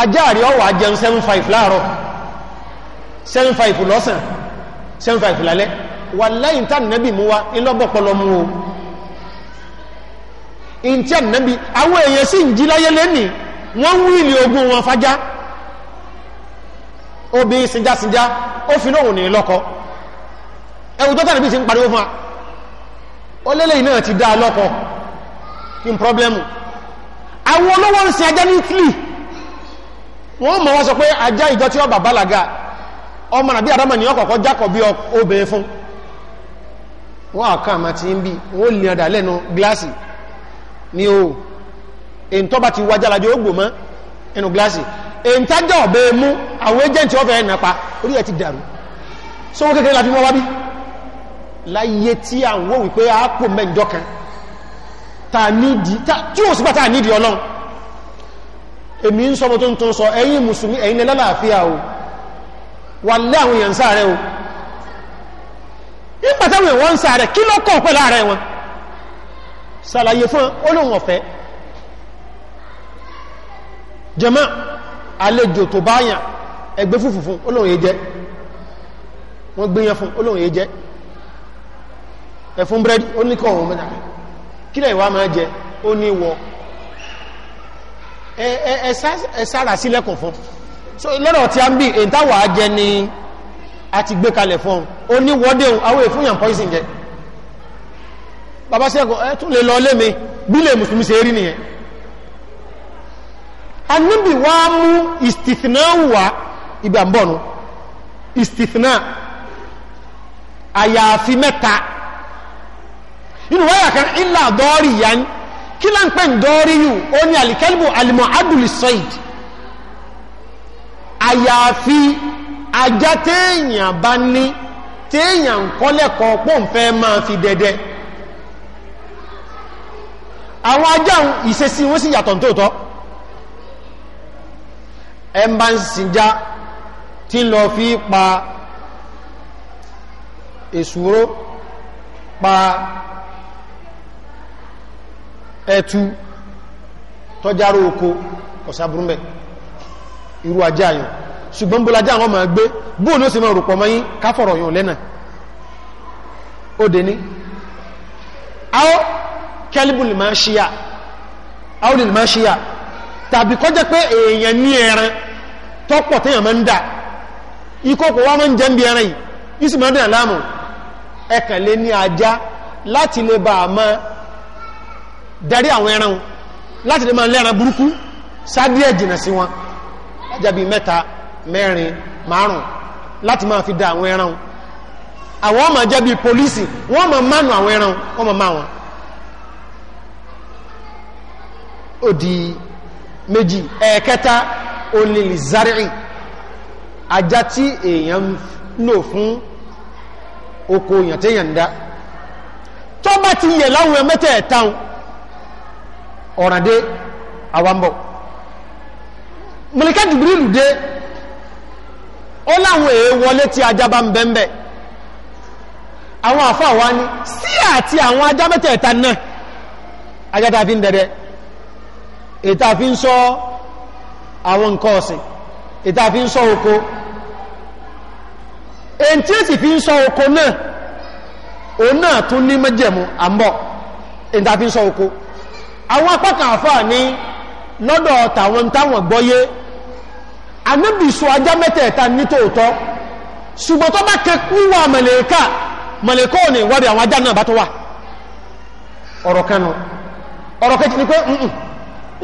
Speaker 1: ajáàrí ọwà jẹun 75 láàárọ̀ 75 lọ́sàn seven five lálẹ́ wàláyìn tá nàbì mú wa ńlọ́bọ̀pọ̀lọ́ mú o ìntí ànàbì àwọn èèyàn sì ń jí láyé lẹ́nì wọ́n ń wíìlì ogun wọn fajá obì sinjasinja ó fi náà ní lọ́kọ ẹwù tó tàbí sí ń pariwo fún wa ó lélẹ̀ iná ti dá lọ́kọ kí n pọ́blẹ́mù àwọn olówó ń sin ajá ní Italy wọ́n mọ̀ wọ́n sọ pé ajá ìjọ tí ó bàbá làgá ọmọ nàbí adama ni ọkọ̀ọ̀kọ́ jákọ̀ bí obìnrin fún wọ́n àkà àmà ti ń bí wọ́n lè ọ̀dà lẹ́nu gíláàsì ni o èyí tó bá ti wá jálájú ogbò mọ́ ẹnu gíláàsì èyí tájọ́ ọ̀bẹ mú àwọn ẹjẹ́ntì ọ̀fẹ́ nàpa orí ẹ̀ ti dàrú sówó kékeré la fi mọ́ wá bí láyé tí à ń wò wípé a pò mẹ́jọ kan ta nídìí tí ò sípà tá a nídìí ọlọ́run èmi ń sọmọ tó ń tó ń sọ ẹ̀yin mùsùlùmí ẹ̀yin lẹ́lá làáfíà o wà lé àwọn èèyàn sáà rẹ o nígbà táwọn èèyàn wọ́n ń sáà rẹ kí ló kọ̀ pẹ̀lú ààrẹ wọn ṣàlàyé fún olóhùn ọ̀fẹ́ jàmá àlejò tó bá yàn ẹgbẹ́ fùfù fún olóhùn èjẹ́ wọ́n gbéyàn fún olóhùn èjẹ́ ẹ̀fún búrẹ́dì ó ní kọ̀ ọ̀hún mẹ́ta so lọ́dọ̀ tí a ń bí èyí táwà jẹ ni a ti gbé kalẹ̀ fún ó ní wọ́dé àwọn èfún yàn poison jẹ bàbá sẹ́gun ẹ tún lè lọ lé mi bí lè mùsùlùmí ṣe rí nìyẹn anábì wá mú ìstìfìnà wà ibi àbọ̀nù ìstìfìnà àyàfi mẹ́ta nínú wáyà kan ilà dọ́ọ̀rì yá kí láǹpẹ̀ ń dọ́ọ̀rì yù ó ní alikẹ́lbù alimọ̀ adùlì àyàfi ajá téèyàn bá ní téèyàn ń kọ́lẹ̀kọ́ pọ̀ ń fẹ́ máa fi dẹ́dẹ́ àwọn ajá ìṣesí wọ́n sì yàtọ̀ tóòtọ́ ẹ ń bá tí lọ fi pa èsúró pa ẹtu tọ́járó oko ọ̀sàbùrúmẹ̀ irú ajá yàn ṣùgbọ́n bó lajá àwọn máa gbé bóòlù ó sì máa rùpọ̀ mọ́yín káfọ̀rọ̀ yàn lẹ́nà ó dé ní àwọn kẹlíbù lè máa ṣíyà àwọn lè máa ṣíyà tàbí kọ́ jẹ́ pé èèyàn ní ẹran tọ́pọ̀ téèyàn máa ń dà ìkòkò wá máa ń jẹ́ ń bí ẹran yìí yìí sì máa ń dẹ̀ láàmú ẹ̀kàn lé ní ajá láti lè bá a darí àwọn ẹran láti lè máa lẹ́ran burúkú sádìẹ̀ jìnà sí wọn jàbí mẹ́ta mẹ́rin márùn láti máa fi da àwọn ẹran àwọn ọmọ jàbí pólísì wọ́n máa mánu àwọn ẹran wọ́n máa máa wọn ó di méjì ẹ̀ẹ̀kẹta olèlè zari'i ajá tí èèyàn lò fún oko èèyàn téèyàn ti yẹ̀ láwọn mẹ́tẹ̀ẹ̀ta ọ̀ràndé àwambọ̀ mọ̀lẹ́kẹ́ jìbìrìlù dé ó láwọn èé wọlé tí ajá bá ń bẹ́ńbẹ́ àwọn àfáà wá ní sí àti àwọn ajá mẹ́tẹ̀ẹ̀ta náà ajá tá a fi ń dẹ̀dẹ̀ ètà fi ń sọ àwọn nǹkan ọ̀sìn ètà fi ń sọ oko èyí tí ó sì fi ń sọ oko náà òun náà tún ní mẹ́jẹ̀mú àmbọ̀ èyí tá ń sọ oko àwọn apá àfáà ní lọ́dọ̀ tàwọn táwọn gbọ́yé anábì sọ ajá mẹ́tẹ̀ẹ̀ta ní tòótọ́ ṣùgbọ́n tó bá kẹ wíwà mẹ̀lẹ́kà mẹ̀lẹ́kà ò ní àwọn ajá náà bá tó wà ọ̀rọ̀ kanu ọ̀rọ̀ kẹjì ni pé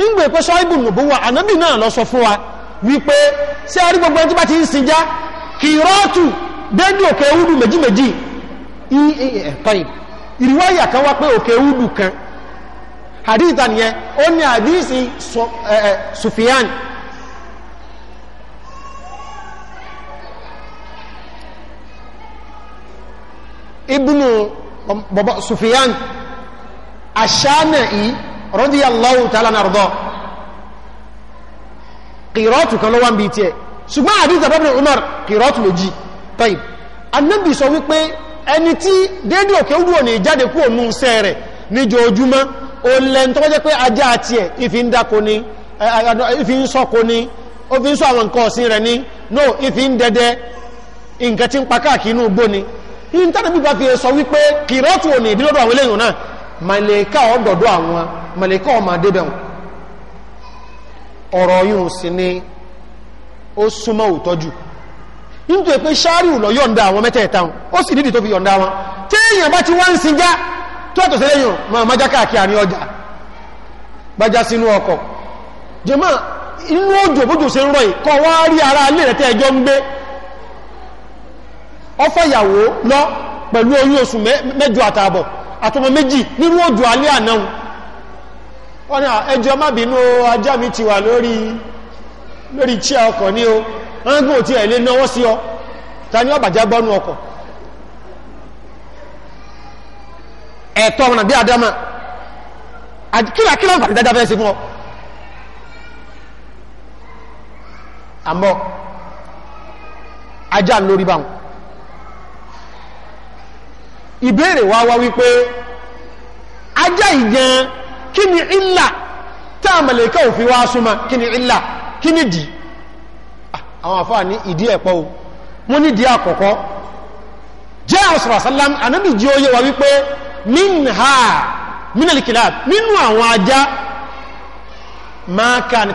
Speaker 1: ń gbé pé sọ ibùn nùbú wa anábì náà lọ sọ wa wípé ṣé a rí gbogbo ẹni tí bá ti ń sinjá kì í rọ́ọ̀tù dédé òkè ewúdù méjì méjì ìrìwáyà kan wá pé òkè ewúdù kan hadith nìyẹn ó ní hadith ibnu um, baba sufiyan aṣánáì radiyallahu ta'ala nàrọ̀dọ̀ kìrọ́tù kan ló wá ń bí tiẹ̀ ṣùgbọ́n àdíjà bábìnrin umar kìrọ́tù ló jí tọ́yìn annabi sọ wípé ẹni tí dédé òkè wúwo ní ìjáde kúrò nù sẹ́ rẹ̀ níjojúmọ́ o lẹ́n tó jẹ́ pé nǹkan tí ń pa káàkiri inú igbó ni ìntánàbí bá fi sọ wípé kìrọ́tù òní ìdílọ́dọ̀ àwọn eléyìn náà màlẹ́kà ọ̀dọ̀dọ̀ àwọn màlẹ́kà ọmọ adébẹ̀wọ̀n ọ̀rọ̀ yìí sí ni ó súnmọ́ òtọ́jú nítorí pé ṣáàrù lọ yọ̀ǹda àwọn mẹ́tẹ̀ẹ̀ta wọn ó sì nídìí tó fi yọ̀ǹda ma májá káàkiri àní ọjà gbájá sínú ọkọ̀ jẹ́mọ́ inú òjò bójú sí ń rọ̀ yìí ara alẹ́ ẹjọ́ ń gbé ìyàwó lọ pẹ̀lú oyún oṣù mẹ́jọ àtàbọ̀ àtọmọ méjì nínú òjò alẹ́ àná wọ́n ní ẹjọ́ má bínú ajá mi ti wà lórí lórí chia ọkọ̀ ní o wọ́n gùn tí ẹ̀ náwọ́ sí ọ ta ni ọbàjá gbọ́nú ọkọ̀ ẹ̀tọ́ adama kílákílá sí ọ àmọ́ ajá lórí ìbéèrè wa wá wípé ajá ìjẹun kí ni ìlà tá a màlẹ́kà òfin wá súnmọ́ kí ni ìlà kí ni dì ah, àwọn àfáà ní ìdí ẹ̀pọ̀ o wọ́n ní ìdí àkọ́kọ́ jẹ́ àṣùrọ̀ sálám ànábì jí ó yé wa wípé minha minalikilat nínú àwọn ajá máa ká ní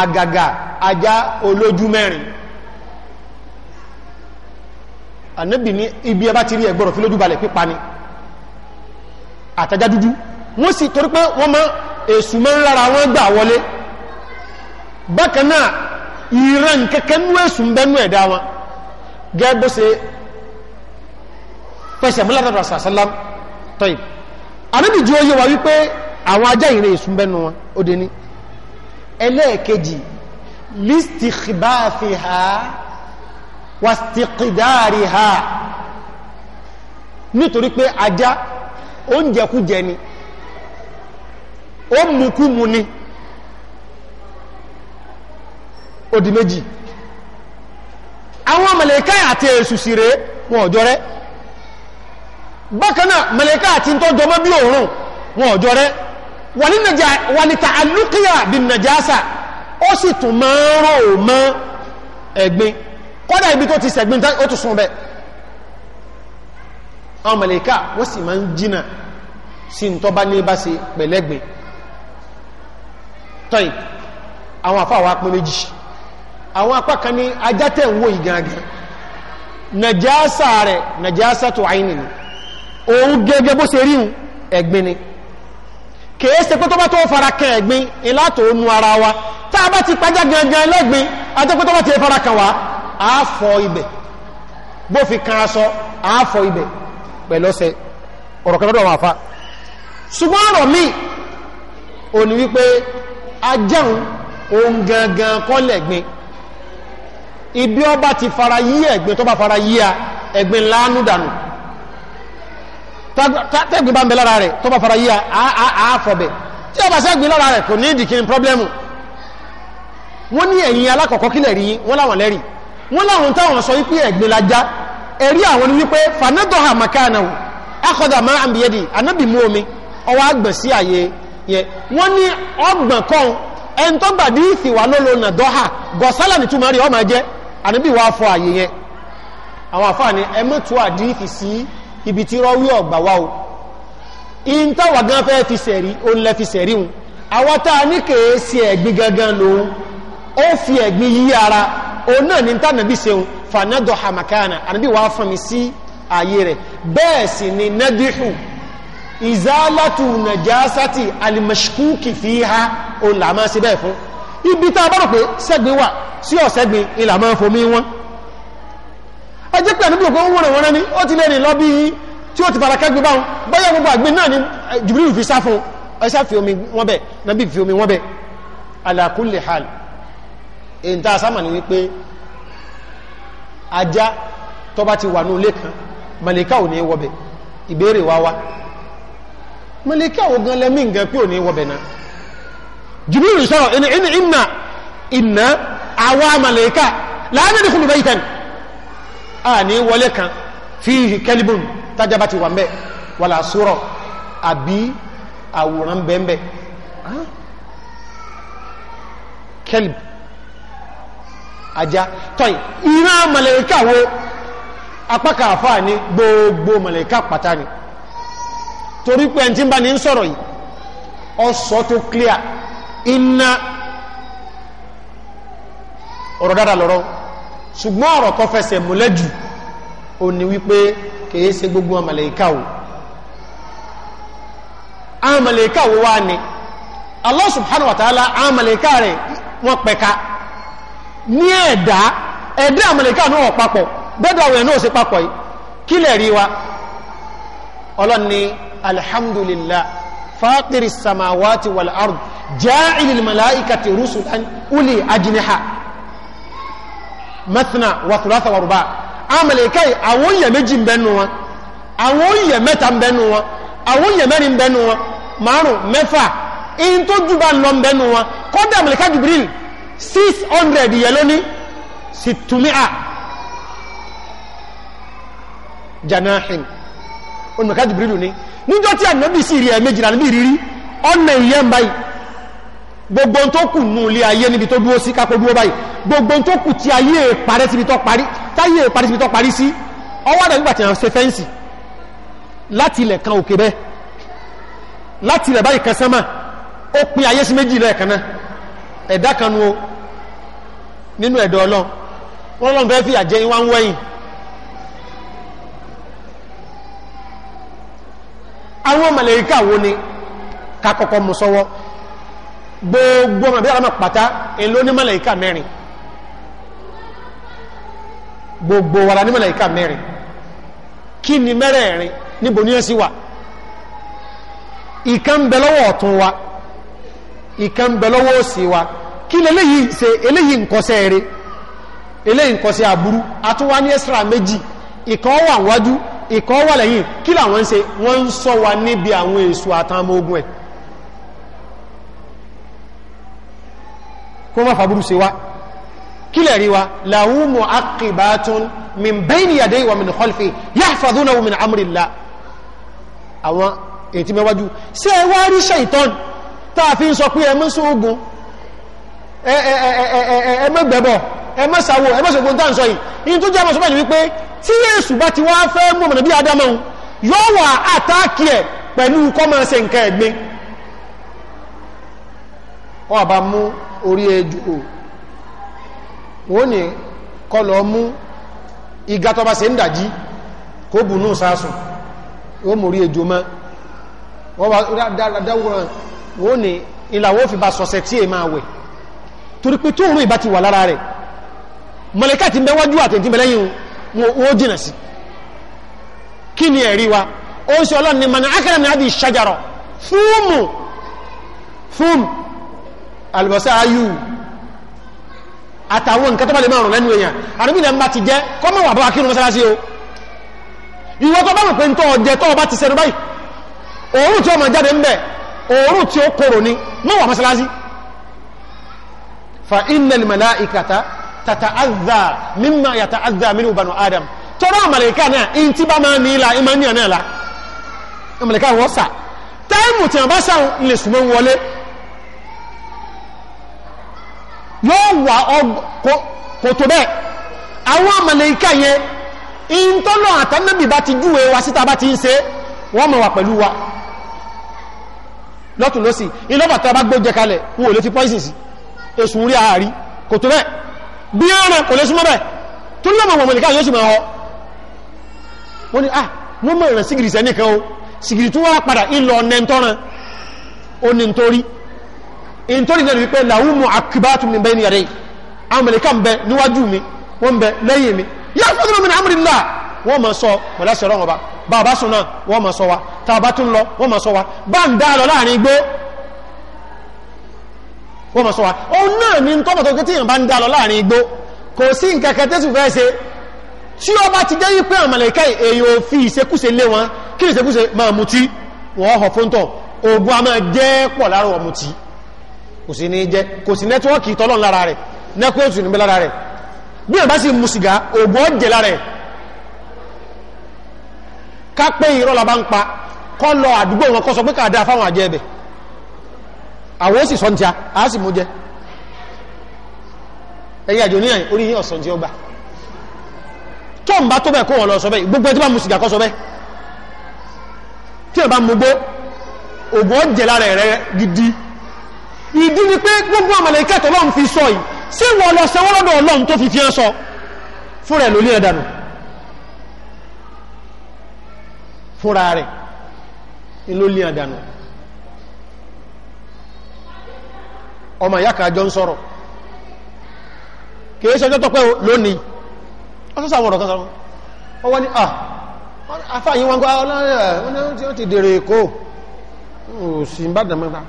Speaker 1: Agaga ajá olójú mẹ́rin ànábì ní ibi ẹbá ti rí ẹgbọ́rọ̀ fi lójú balẹ̀ pípa ni àtajá dúdú wọ́n sì torí pé wọ́n mọ́ èsù mọ́ lára wọ́n gbà wọlé bákan náà ìran kẹ́kẹ́ nú èsù ń bẹ́nú ẹ̀dá wọn gẹ́gbó se pẹ̀sẹ̀ mọ́látàdà wa wípé ẹlẹ́ẹ̀kejì listikhbafiha wastiqdariha nítorí pé ajá oúnjẹkújẹ ni ó mukúmu ni òdì méjì àwọn mẹ̀lẹ̀ká àti èsù sí rẹ̀ wọn ọ̀jọ́ rẹ̀ bákanáà mẹ̀lẹ̀ká àti tọ́jọmọ́ bí òórùn wọn ọ̀jọ́ rẹ̀ wàlítà alúkìyà bí nàjásà ó sì tún máa ń rò mọ́ ẹ̀gbin kọ́dà ibi tó ti sẹ̀gbin ó tún sún bẹ́ẹ̀ àwọn mẹ̀lẹ́kà wọ́n sì máa ń jìnà sí ń tọ́ba ní bá ṣe pẹ̀lẹ́gbin tọ́yì àwọn àfa àwọn apẹ́ méjì àwọn apá kan ní ajá tẹ̀ ń nàjásà rẹ̀ nàjásà tó àyìn òun gẹ́gẹ́ bó ṣe ríhun ẹ̀gbin ni kèé ṣe pé tó bá tó fara kan ẹ̀gbin ìlàtò nu ara wa tá a bá ti pàjá gangan lẹ́gbin àti pé tó bá ti fara kan wá a fọ ibẹ̀ bó fi kan aṣọ a fọ ibẹ̀ pẹ̀lú ọṣẹ ọ̀rọ̀ kan lọ́dọ̀ àwọn àfa ṣùgbọ́n ọ̀rọ̀ mi ò ní wípé ajáhùn ohun gangan kọ́ lẹ̀gbin ibi ọba ti fara yí ẹ̀gbin tó bá fara yí a ẹ̀gbin láánú dànù tẹ́gbìn bá ń bẹ lára rẹ̀ tó bá fara yí àáfọ̀bẹ̀ tí ó bá sẹ́gbìn lára rẹ̀ kò ní ìdìkín pọ́blẹ́mù wọ́n ní ẹ̀yìn alákọ̀ọ́kọ́ kílẹ̀ rí wọ́n láwọn lẹ́rì wọ́n láwọn táwọn sọ wípé ẹ̀gbìn lajá ẹ̀rí àwọn wípé fanadọ́hà makanahu akọ̀dà máa ń bìyẹ́dì anábì mú omi ọwọ́ àgbẹ̀ sí àyè yẹ wọ́n ní ọgbọ̀n kan ẹni ibi tí rọ́wí ọ̀gbà wá o in táwà gan fẹ́ fi sẹ̀rí o ń lẹ́ fi sẹ̀rí hun àwọn tá a ní kèé sí ẹ̀gbin gangan lòun ó fi ẹ̀gbin yí ara òun náà ní tànàbí seun fanadọ̀ hamakana ànàbí wàá fún mi sí ààyè rẹ̀ bẹ́ẹ̀ sì ni nadihu ìzálàtù nàjásátì alimashkuki fi ha òun làá máa ṣe bẹ́ẹ̀ fún ibi tá a bá rò pé sẹ́gbin wà sí ọ̀sẹ́gbin ìlàmọ́ fomi wọn ẹ jẹ́ pé àníbí òkú ń wòrán wọ́n ní ó ti lè rìn lọ bí tí ó ti fara kẹ́gbẹ́ báwọn báyẹ̀ gbogbo àgbẹ̀ náà ni Jibril fi sá fún ẹsẹ́ fi omi wọ́n bẹ̀ nàbí fi omi wọ́n bẹ̀ ala kulli hal a sámà ní wípé ajá tó bá ti wà ní ilé kan màlíkà ò ní wọ́bẹ̀ ìbéèrè wá wá màlíkà ò gan lẹ́mí nǹkan pé ò ní wọ́bẹ̀ náà Jibril sọ̀rọ̀ ìnà àwa màlíkà láàrín ìdíkùnlù bẹ́ẹ̀ a ní wọlé kan fíìhì kẹlibùn tájábá ti wà mbẹ wàlà sọ̀rọ̀ àbí àwòrán bẹ́ẹ̀mbẹ́ kẹlib ajá tọ́yì iná màlẹ́kà wo apákà àfáà ní gbogbo màlẹ́kà pátá ni torí pé ẹni tí ń bá ní ń sọ̀rọ̀ yìí ọ̀sọ̀ tó clear iná ọ̀rọ̀ dára ṣùgbọ́n ọ̀rọ̀ tó fẹsẹ̀ múlẹ̀ jù ó ní wípé kìí ṣe gbogbo àmàlẹ̀ká o àmàlẹ̀ká wo wá ni Allah subhanahu wa ta'ala àmàlẹ̀ká rẹ̀ wọ́n pẹ̀ka ní ẹ̀dá ẹ̀dá àmàlẹ̀ká náà wọ̀ papọ̀ bẹ́ẹ̀dọ̀ àwọn ẹ̀ náà papọ̀ yìí kí lẹ̀ rí wa ọlọ́ni alhamdulillah fàtírì samawati wal ard ja'ilil malaikati rusulan uli ajniha mẹ́tìnà wàtúlátà wàrùbá amẹ̀lẹ̀ká àwọn èèyàn méjì ń bẹ́nu wọn àwọn èèyàn mẹ́ta ń bẹ́nu wọn àwọn èèyàn mẹ́rin ń bẹ́nu wọn márùn mẹ́fà in tó júbà lọ ń bẹ́nu wọn kọ́dà amẹ̀lẹ̀ká Jibril 600 yẹ lóní sí túnmíà janahin olùmọ̀ká Jibril ní níjọ́ tí ànábì sí rí ẹ̀ méjì níbi ìrírí ọ̀nà ìyẹ́ ń gbogbo tó kù nù ilé ayé níbi tó dúró sí kápò dúró báyìí gbogbo tó kù tí ayé parẹ́ síbi tó parí táyé parí síbi tó parí sí ọwọ́ àdàbí gbàtí àwọn ṣe fẹ́ǹsì láti ilẹ̀ kan òkè bẹ́ẹ̀ láti ilẹ̀ báyìí kan sánmà ó pin ayé sí méjì lẹ́ẹ̀kan náà ẹ̀dá kan nu o nínú ẹ̀dọ̀ ọlọ́run wọ́n lọ́n fẹ́ fi àjẹyìn wá ń wẹ́yìn àwọn màláíkà wo ni kakọ̀kọ̀ gbogbo ọmọ bí ara máa pàtá èyí ló ní màláíkà mẹ́rin gbogbo wa la ní màláíkà mẹ́rin kí ni mẹ́rẹ̀ẹ̀rin níbo ní ẹ̀sí wa ìkan bẹ lọ́wọ́ ọ̀tún wa ìkan bẹ lọ́wọ́ òsì wa kí ni eléyìí ṣe eléyìí nkọ́sẹ́ eré eléyìí nkọ́sẹ́ aburú àtúwá ní ẹ̀sìrà méjì ìkan wà wájú ìkan wà lẹ́yìn kí làwọn ń ṣe wọ́n ń sọ wa níbi àwọn èso àtàwọn ẹ̀ kó má fàbúrú sí wa kílẹ̀ rí wa lahu mu'aqibatun min bayni yadayhi wa min khalfi yahfazunahu min amrillah àwọn ètí mẹ́wájú sí ẹ wá rí ṣèitán tá a fi ń sọ pé ẹ mọ́ sóògùn ẹ mọ́ gbẹ̀bọ̀ ẹ mọ́ sàwọ̀ ẹ mọ́ sọ̀gbọ́n tá à ń sọ yìí in tó jẹ́ àmọ́ sọ́bẹ̀ ni wípé tí Jésù bá ti wá orí ejò wọ́n ní kọlọ mú iga tọba se ń dàjí kó bù ní sásùn ó mórí ejò mọ́ wọ́n bá dáwọ́rán wọ́n ní ìlàwó fi bá sọ̀sẹ̀ tí è máa wẹ̀ torí pé tóòrùn ìbá ti wà lára rẹ̀ mọ̀lẹ́kà ti bẹ́wájú àtẹ̀tí bẹ̀lẹ́yìn wọ́n jìnà sí kí ni ẹ̀rí wa ó ń sọ ọlọ́run ni mọ̀nà ákẹ́rẹ́ mi á fúùmù fúùmù àlùbọ́sà ayú àtàwọn nǹkan tó bá lè máa rùn lẹ́nu èèyàn àrùbí ilẹ̀ ń bá ti jẹ́ kọ́ mọ̀ wà bá kírun mọ́sálásí o ìwọ tó bá mọ̀ pé ń tọ́ ọjẹ́ tọ́ ọba ti sẹ́nu báyìí òórùn tí ó mọ̀ jáde ń bẹ̀ òórùn tí ó korò ni mọ́ wà mọ́sálásí fa innal malaikata tata'adha mimma yata'adha minhu banu adam tọ́rọ àmàlẹ́ká náà in tí bá máa ní ilá ìmọ̀ ní àná ìlà àmàlẹ́ká wọ́n sà táìmù tí wọ́n bá sáwọn ilé yóò wà kò tó bẹ́ẹ̀ àwọn màláíkà yẹn ìntọ́nà àtànàbì bá ti júwe wa síta bá ti ń ṣe wọ́n mọ̀ wà pẹ̀lú wa lọ́tún lọ́sì ìlọ́bàtà bá gbé jẹkalẹ̀ wò lè fi pọ́ìsì sí èsù orí ààrí kò tó bẹ́ẹ̀ bí ọ̀nà ah wọ́n mọ̀ ìrìn sìgìrì sẹ́nìkan o sìgìrì tó wá padà ìlọ ìntorí na wípé làwọn mú akíbátù mi bẹ́ ní ẹ̀rẹ́ àwọn mẹ̀lẹ́kà ń bẹ níwájú mi wọ́n ń bẹ lẹ́yìn mi yá fún mi náà amúrí ńlá la mọ̀ sọ pẹ̀lẹ́sẹ̀ ọlọ́run ọba bá a bá sùn náà wọ́n mọ̀ sọ wa tá a bá tún lọ wọ́n mọ̀ sọ wa bá ń dá lọ láàrin igbó wọ́n mọ̀ sọ wa òun náà ni tọ́pọ̀ tó kété yẹn bá ń dá lọ láàrin igbó kò sí nǹkan kan tẹ́sù fẹ́ ṣe tí ó bá ti jẹ́ wípé àwọn mẹ̀lẹ́kà èèyàn fi ìṣekúṣe lé wọn kí ìṣekúṣe máa mutí wọ́n họ̀ fóńtọ̀ ògùn a máa jẹ́ pọ̀ láàrọ̀ kò sí ní jẹ́ kò sí nẹ́tíwọ́ọ̀kì tọ́lọ́n lára rẹ̀ nẹ́kúrẹ́tù níbẹ̀ lára rẹ̀ bí ẹ̀ bá sì mu sìgá ògùn ọ̀jẹ̀ lára rẹ̀ ká pé irọ́ la bá ń pa kọ́ lọ àdúgbò wọn kọ́ sọ pé ká dáa fáwọn àjẹ́ ẹ̀bẹ̀ àwọn ó sì sọ ní tíá a sì mú jẹ ẹ̀yìn àjò níyàn orí yín ọ̀sán tí ó gbà tó ń bá tó bẹ̀ kó wọn lọ sọ bẹ́ẹ̀ gbogbo ẹ̀ bá mu sìgá kọ́ sọ bẹ́ẹ̀ tí ẹ̀ bá gbó ògùn ọ̀jẹ̀ lára rẹ̀ gidi ìdí ni pé gbogbo àmàlẹ́kẹ́ tó lọ́n fi sọ yìí sí wọ́n lọ sẹ́wọ́n lọ́dọ̀ ọlọ́run tó fi fi ẹ́ sọ fúnra ẹ̀ lórí ẹ̀dànù fúnra rẹ̀ lórí ẹ̀dànù ọmọ ìyá kàájọ ń sọ̀rọ̀ kìí ṣe ọjọ́ tọ́pẹ́ lónìí ọsọ́sọ́ àwọn ọ̀rọ̀ kan sọ́rọ̀ ó wọ́n ni à ah, afáyíwọ́n gbá ọlọ́rẹ̀ wọ́n ti dèrè èkó ò sí ìbádàn mẹ́ta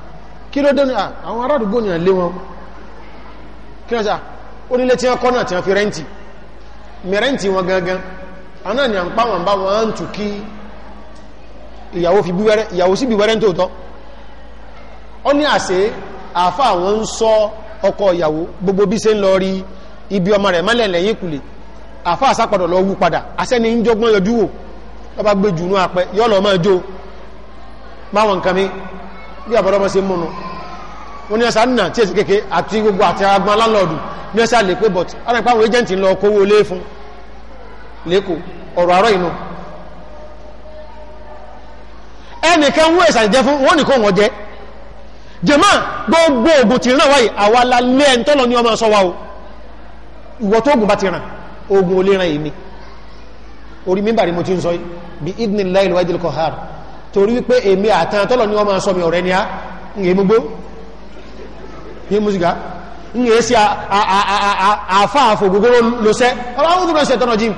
Speaker 1: kí ló dẹ́nu àwọn arádùgbò ní àlé wọn kí wọ́n sá onílé tí wọ́n kọ́nà tí wọ́n fi rẹ́ǹtì mẹ́rẹ́ǹtì wọn gangan aná ni à ń pa wọn bá wọn ń tù kí ìyàwó fi bíwẹ́rẹ́ ìyàwó sí bíwẹ́rẹ́ ń tòótọ́ ó ní àṣẹ àfa àwọn ń sọ ọkọ ìyàwó gbogbo bí ṣe ń lọ rí ibi ọmọ rẹ̀ mọ́lẹ̀ lẹ́yìn kùlé àfa àsápàdọ̀ lọ wú padà àṣẹ́ni ń jọgbọ́n yọjú wò gbé jù nú yọ́ lọ́ máa jó máwọn nǹkan mi bí àbọ̀dọ́mọ́ sí múnu wọ́n Onye ẹ̀sà nna tí èsì kéèké àti gbogbo àti agbọn aláńlọ́ọ̀dù ní ẹ̀sà lè pé bọ̀t arápá àwọn agent ń lọ kówó lé fún lẹ́kọ̀ ọ̀rọ̀ àárọ̀ inú ẹnìkan wọ́n ẹ̀sà jẹ́ fún wọ́n gbogbo ti la ní ọmọ sọ o ìwọ tó bá ti ràn ràn èmi orí mo ti ń sọ bí torí wípé èmi àtàn tọ́lọ̀ ní wọ́n máa sọ mi ọ̀rẹ́ ni á ń yé gbogbo ní músíkà ń yé sí àfáàfò gbogbo lọ́sẹ́ ọba ń gúnmọ̀ ṣẹ̀tọ́nà jim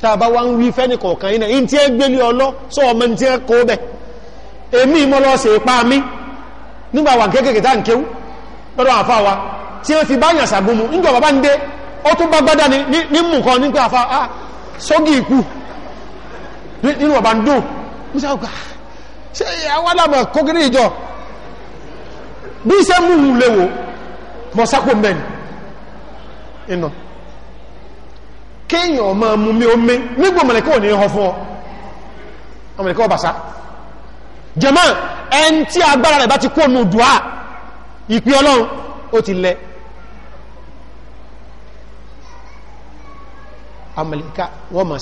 Speaker 1: tá a bá wá ń wí fẹ́ni kọ̀ọ̀kan iná in tí ẹ gbélé ọlọ́ sọ ọmọ in tí ẹ kó bẹ̀ èmi mọ́ lọ sí ipa mi nígbà wà kéékèèké tá n kéwú lọ́dọ̀ àfáà wa tí ẹ fi báyàn sàgbómù ń jọ bàbá ń dé ó tún bá gbádà ní mú nǹkan nípa àfáà ah, sógì ikú nínú ọ̀bá ń dùn musa ọgbà ṣe àwọn àlàmà kókèrè ìjọ bí iṣẹ́ mú un léwo mọ̀ sápò mẹ́ni iná kéèyàn ọmọ mú mi omi nígbò mọ̀lẹ́kọ́ ní ọ fún ọ mọ̀lẹ́kọ́ bàṣá jẹ́mọ́ ẹn tí agbára rẹ̀ bá ti kó nù dùá ìpín ọlọ́run ó ti lẹ amẹ̀lẹ́ká wọ́n mọ̀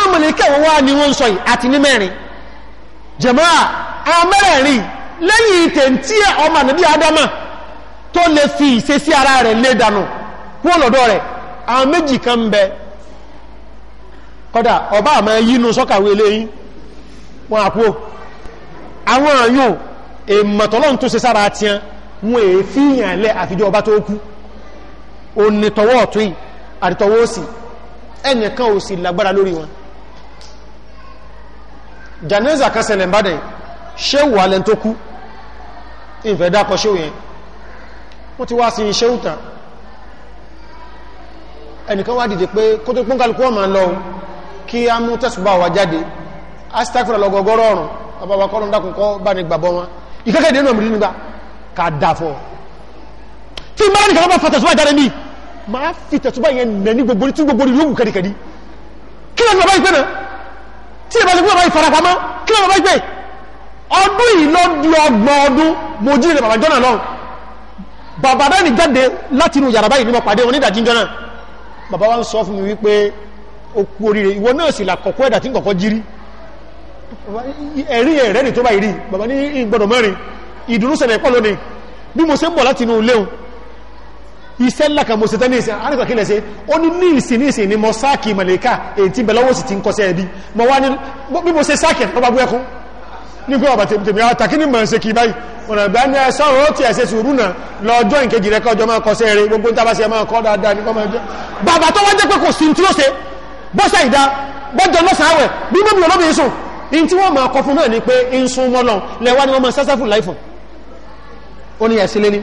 Speaker 1: amọ̀lẹ́kẹ́ wọn wá ní wọ́n sọ yìí àti ní mẹ́rin jẹ̀mọ́à amẹ́rẹ̀rin lẹ́yìn tẹ̀ntí ọmọ ànàbí adama tó lè fi ìṣe sí ara rẹ̀ lé dànù kúrò lọ́dọ̀ rẹ̀ àwọn méjì kan bẹ kọ́dà ọba àmọ́ yínú sọ́kàwé lẹ́yìn wọn àpò àwọn àyùn èmọ̀tọ́lọ́n tó ṣe sára tiẹn wọn èéfíyàn lẹ́ àfijọ́ ọba tó kú onítọwọ́ ọ̀tún àdìtọwọ́ òsì ẹnìkan ò sì lágbára lórí wọn janaza kan ṣẹlẹ̀ bàdẹ̀ ṣéwù alẹ́ tó kú ìfẹ́ dákọ̀ ṣéwù yẹn wọ́n ti wá sí ṣéwù tán ẹnìkan wá dìde pé kó tó pọ́n kálukú ọmọ lọ kí a mú tẹ́sùbà wà jáde astakura lọ́gọ́gọ́rọ̀ ọ̀rùn ababakọ́rùn dákùnkọ́ bá ìkẹ́kẹ́ ìdẹ́nu ọmọdé nígbà ká tí bá ní kàkọ́ bá fàtẹ̀sùbà jáde máa fi tẹ̀túbà yẹn nà ní gbogbo tí gbogbo ìlú ògùn kẹ́dìkẹ́dì kí lọ́nà bá ìpẹ́ náà tí ìbá lọ́gbọ́n bá ìfarapamọ́ kí lọ́nà bá ìpẹ́ ọdún yìí lọ di ọgbọ̀n ọdún mo jí ilẹ̀ bàbá jọ́nà lọ́rùn bàbá bẹ́ẹ̀ ni jáde láti inú yàrá báyìí ni mo pàdé onídàájí jọ́nà bàbá wa ń sọ fún mi wípé o kú oríire ìwọ náà sì là kọ̀kọ́ ẹ̀dà tí kọ̀kọ́ jírí ẹ̀rí ẹ̀rẹ́ ni tó báyìí rí bàbá ní ìgbọ́dọ̀ mẹ́rin ìdùnnú pọ̀ lónìí bí mo ṣe ń bọ̀ láti inú léun iṣẹ́ ńlá kan mo ṣe tẹ́lẹ̀ àríkà kílẹ̀ ṣe ó ní ní ìsìn ní ìsìn ni mo sáàkì màlẹ́kà èyí tí bẹ̀lọ́wọ́ sì ti ń kọsẹ́ ẹbí mo wá ní bí mo sáàkì ọba bú ẹkún ní pé ọba tèmi àtà ah, kí ni mọ̀ ṣe kí báyìí ọ̀nà ìgbà ní ẹsọ́ ọ̀rọ̀ tí ẹ̀ṣẹ̀ sùúrù náà lọ́jọ́ ìkejì rẹ̀ kọjọ́ máa kọsẹ́ rẹ̀ gbogbo ń tábàṣe máa kọ́ dáadáa ní kọ́ máa jẹ́ bàbá tó wá jẹ́ pé kò sí tí ó ṣe bọ́sẹ̀ ìdá bọ́jọ́ lọ́sàn-án àwẹ̀ bí mọ́bí olóbìnrin sùn in tí wọ́n máa ni pé ń sún mọ́lọ́ lẹ́wà ni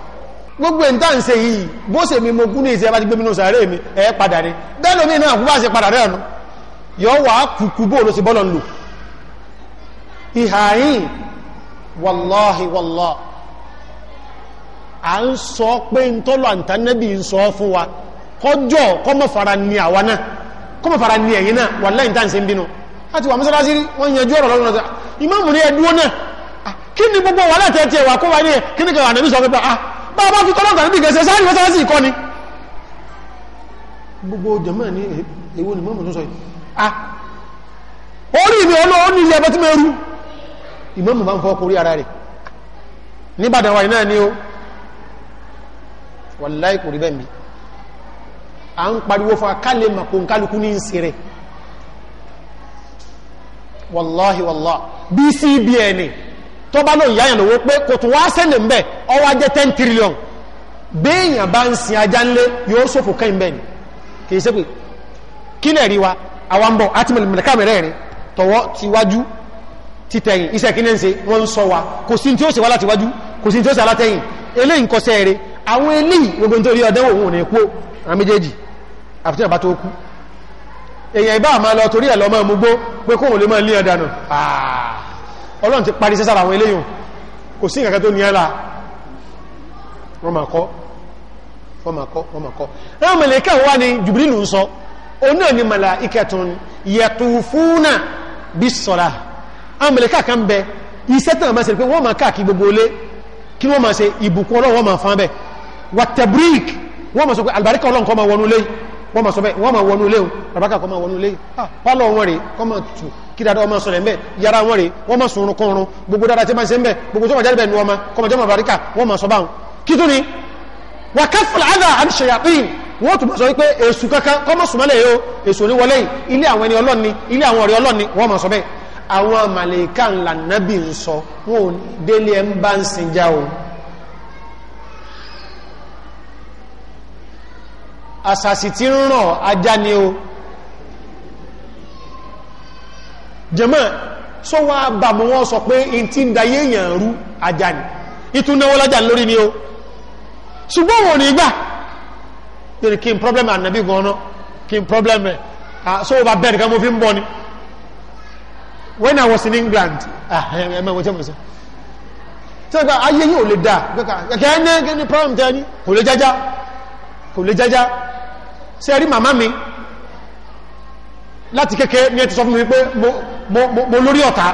Speaker 1: gbogbo ìta ń ṣe yìí bó ṣe mi mo gún ní ìṣẹ́ bá ti gbé mi ní òṣàrẹ́ mi ẹ̀ padà rí dẹ́lò mi náà kú bá padà rẹ̀ ọ̀nà yọ wà á kùkù bó ló ṣe bọ́lọ̀ lò ìhàyìn wàláhì wàlá à ń sọ pé ń tọ́lọ̀ àǹtánẹ́bì ń sọ fún wa kọjọ́ kọ́mọ̀ fara ni àwa náà kọ́mọ̀ fara ni ẹ̀yin náà wà lẹ́yìn tá ń ṣe ń bínú láti wà mọ́sálásí wọ́n yanjú ọ̀rọ̀ lọ́rùn náà ìmáàmù ní ẹdúró náà ah, kí ni gbogbo wàhálà tẹ́tẹ́ wà kó wa ní ẹ̀ kí ni kàwà nàbí sọ pé ah bá bá fi tọ́lọ́gbà níbi gẹ̀ẹ́sẹ̀ sáàrì mẹ́sàlásì ìkọ́ ni gbogbo jẹ̀mọ́ ní eh, èwo ni mọ́mù tó sọ yìí ah orí mi ọlọ́ọ̀ ní ilẹ̀ ẹbọ́ tí mẹ́rú ìmọ́mù bá ń fọ́ kórí ara rẹ̀ níbàdàn wà náà ni ó wàláì kò rí bẹ́ẹ̀ mi à ń pariwo fún akálẹ̀ màkòǹkálukú ní ìsẹ̀rẹ̀ wàláhì wàlá bcbn tọ́ba lóun yáyàn lówó pé kò tún wá sẹ́lẹ̀ ń bẹ̀ ọwọ́ ajẹ́ ten trillion béèyàn bá ń sin ajá ńlé yóò ṣòfò kẹ́yìn bẹ́ẹ̀ ni kì í sẹ́pẹ̀ kí lè rí wa àwa ń bọ̀ àti mẹ̀lẹ̀ká mẹ́rẹ̀ẹ̀rin tọwọ́ ti wájú ti tẹ̀yìn iṣẹ́ kí ní ń ṣe wọ́n ń sọ wa kò sí tí ó ṣe wá láti wájú kò sí tí ó ṣe alátẹ̀yìn ọlọ́run ti parí sẹ́sára àwọn eléyìn kò sí ìkàkẹ́ tó ní ẹ́lá wọ́n ma kọ́ wọ́n ma kọ́ wọ́n ma kọ́ ráwọn mẹ̀lẹ́kẹ́ wà ní jùbìrìlù ń sọ oní ẹni mẹ̀lá ikẹtùn yẹtùfúnà bí sọ́lá àwọn kan bẹ iṣẹ́ tàn máa ṣe pé wọ́n ma káàkiri gbogbo olé kí wọ́n ma ṣe ìbùkún ọlọ́run wọ́n ma fán bẹ wàtẹ̀brík wọ́n ma sọ pé àlùbáríkà ọlọ́run kọ́ wọnú lé wọ́n ma sọ bẹ́ẹ̀ wọ́n ma wọnú léhun rabaka kọ́ ma wọnú lé ah, pálọ̀ wọn rè kọ́ ma tù kí dáadáa ọmọ sọ̀rọ̀ ẹ̀mẹ́ yàrá wọn rè wọ́n ma sùn kọrun gbogbo dáadáa tí ma ṣe ń bẹ̀ gbogbo tó ma jáde bẹ̀ nu ọmọ kọ́ ma jẹ́ ma baríkà wọ́n ma sọ báwọn kí tó ni wà káfíl àdá àti ṣèyàpín wọ́n tún ma sọ wípé èṣù kankan kọ́ ma sùnmọ́lẹ̀ yìí o èṣù ní wọlé ilé àwọn ẹni ọlọ́ni ilé àwọn ọ̀rẹ́ ọlọ́ni wọ́n ma sọ bẹ́ẹ̀ àwọn màlẹ́kà àsàsì tí ń ràn ajá ni o jẹ́mọ́ sọ wá bàbá wọn sọ pé in ti ń da yéèyàn rú ajá ni ìtúnáwó lájà lórí ni o ṣùgbọ́n wọn ò ní gbà lórí kí n problem ànàbí gan-an kí n problem rẹ̀ so ó bá bẹ́ẹ̀ nìkan mo fi ń bọ́ ni when I was in England ẹ mọ̀ wọ́n tẹ́ mọ̀ sí tẹ́gbà ayé yìí ò lè dáa kẹ́kẹ́ ní problem tẹ́ ní kò lè jájá kò lè jájá ṣe rí màmá mi láti kékeré ní ẹ ti sọ fún mi pé mo lórí ọ̀tá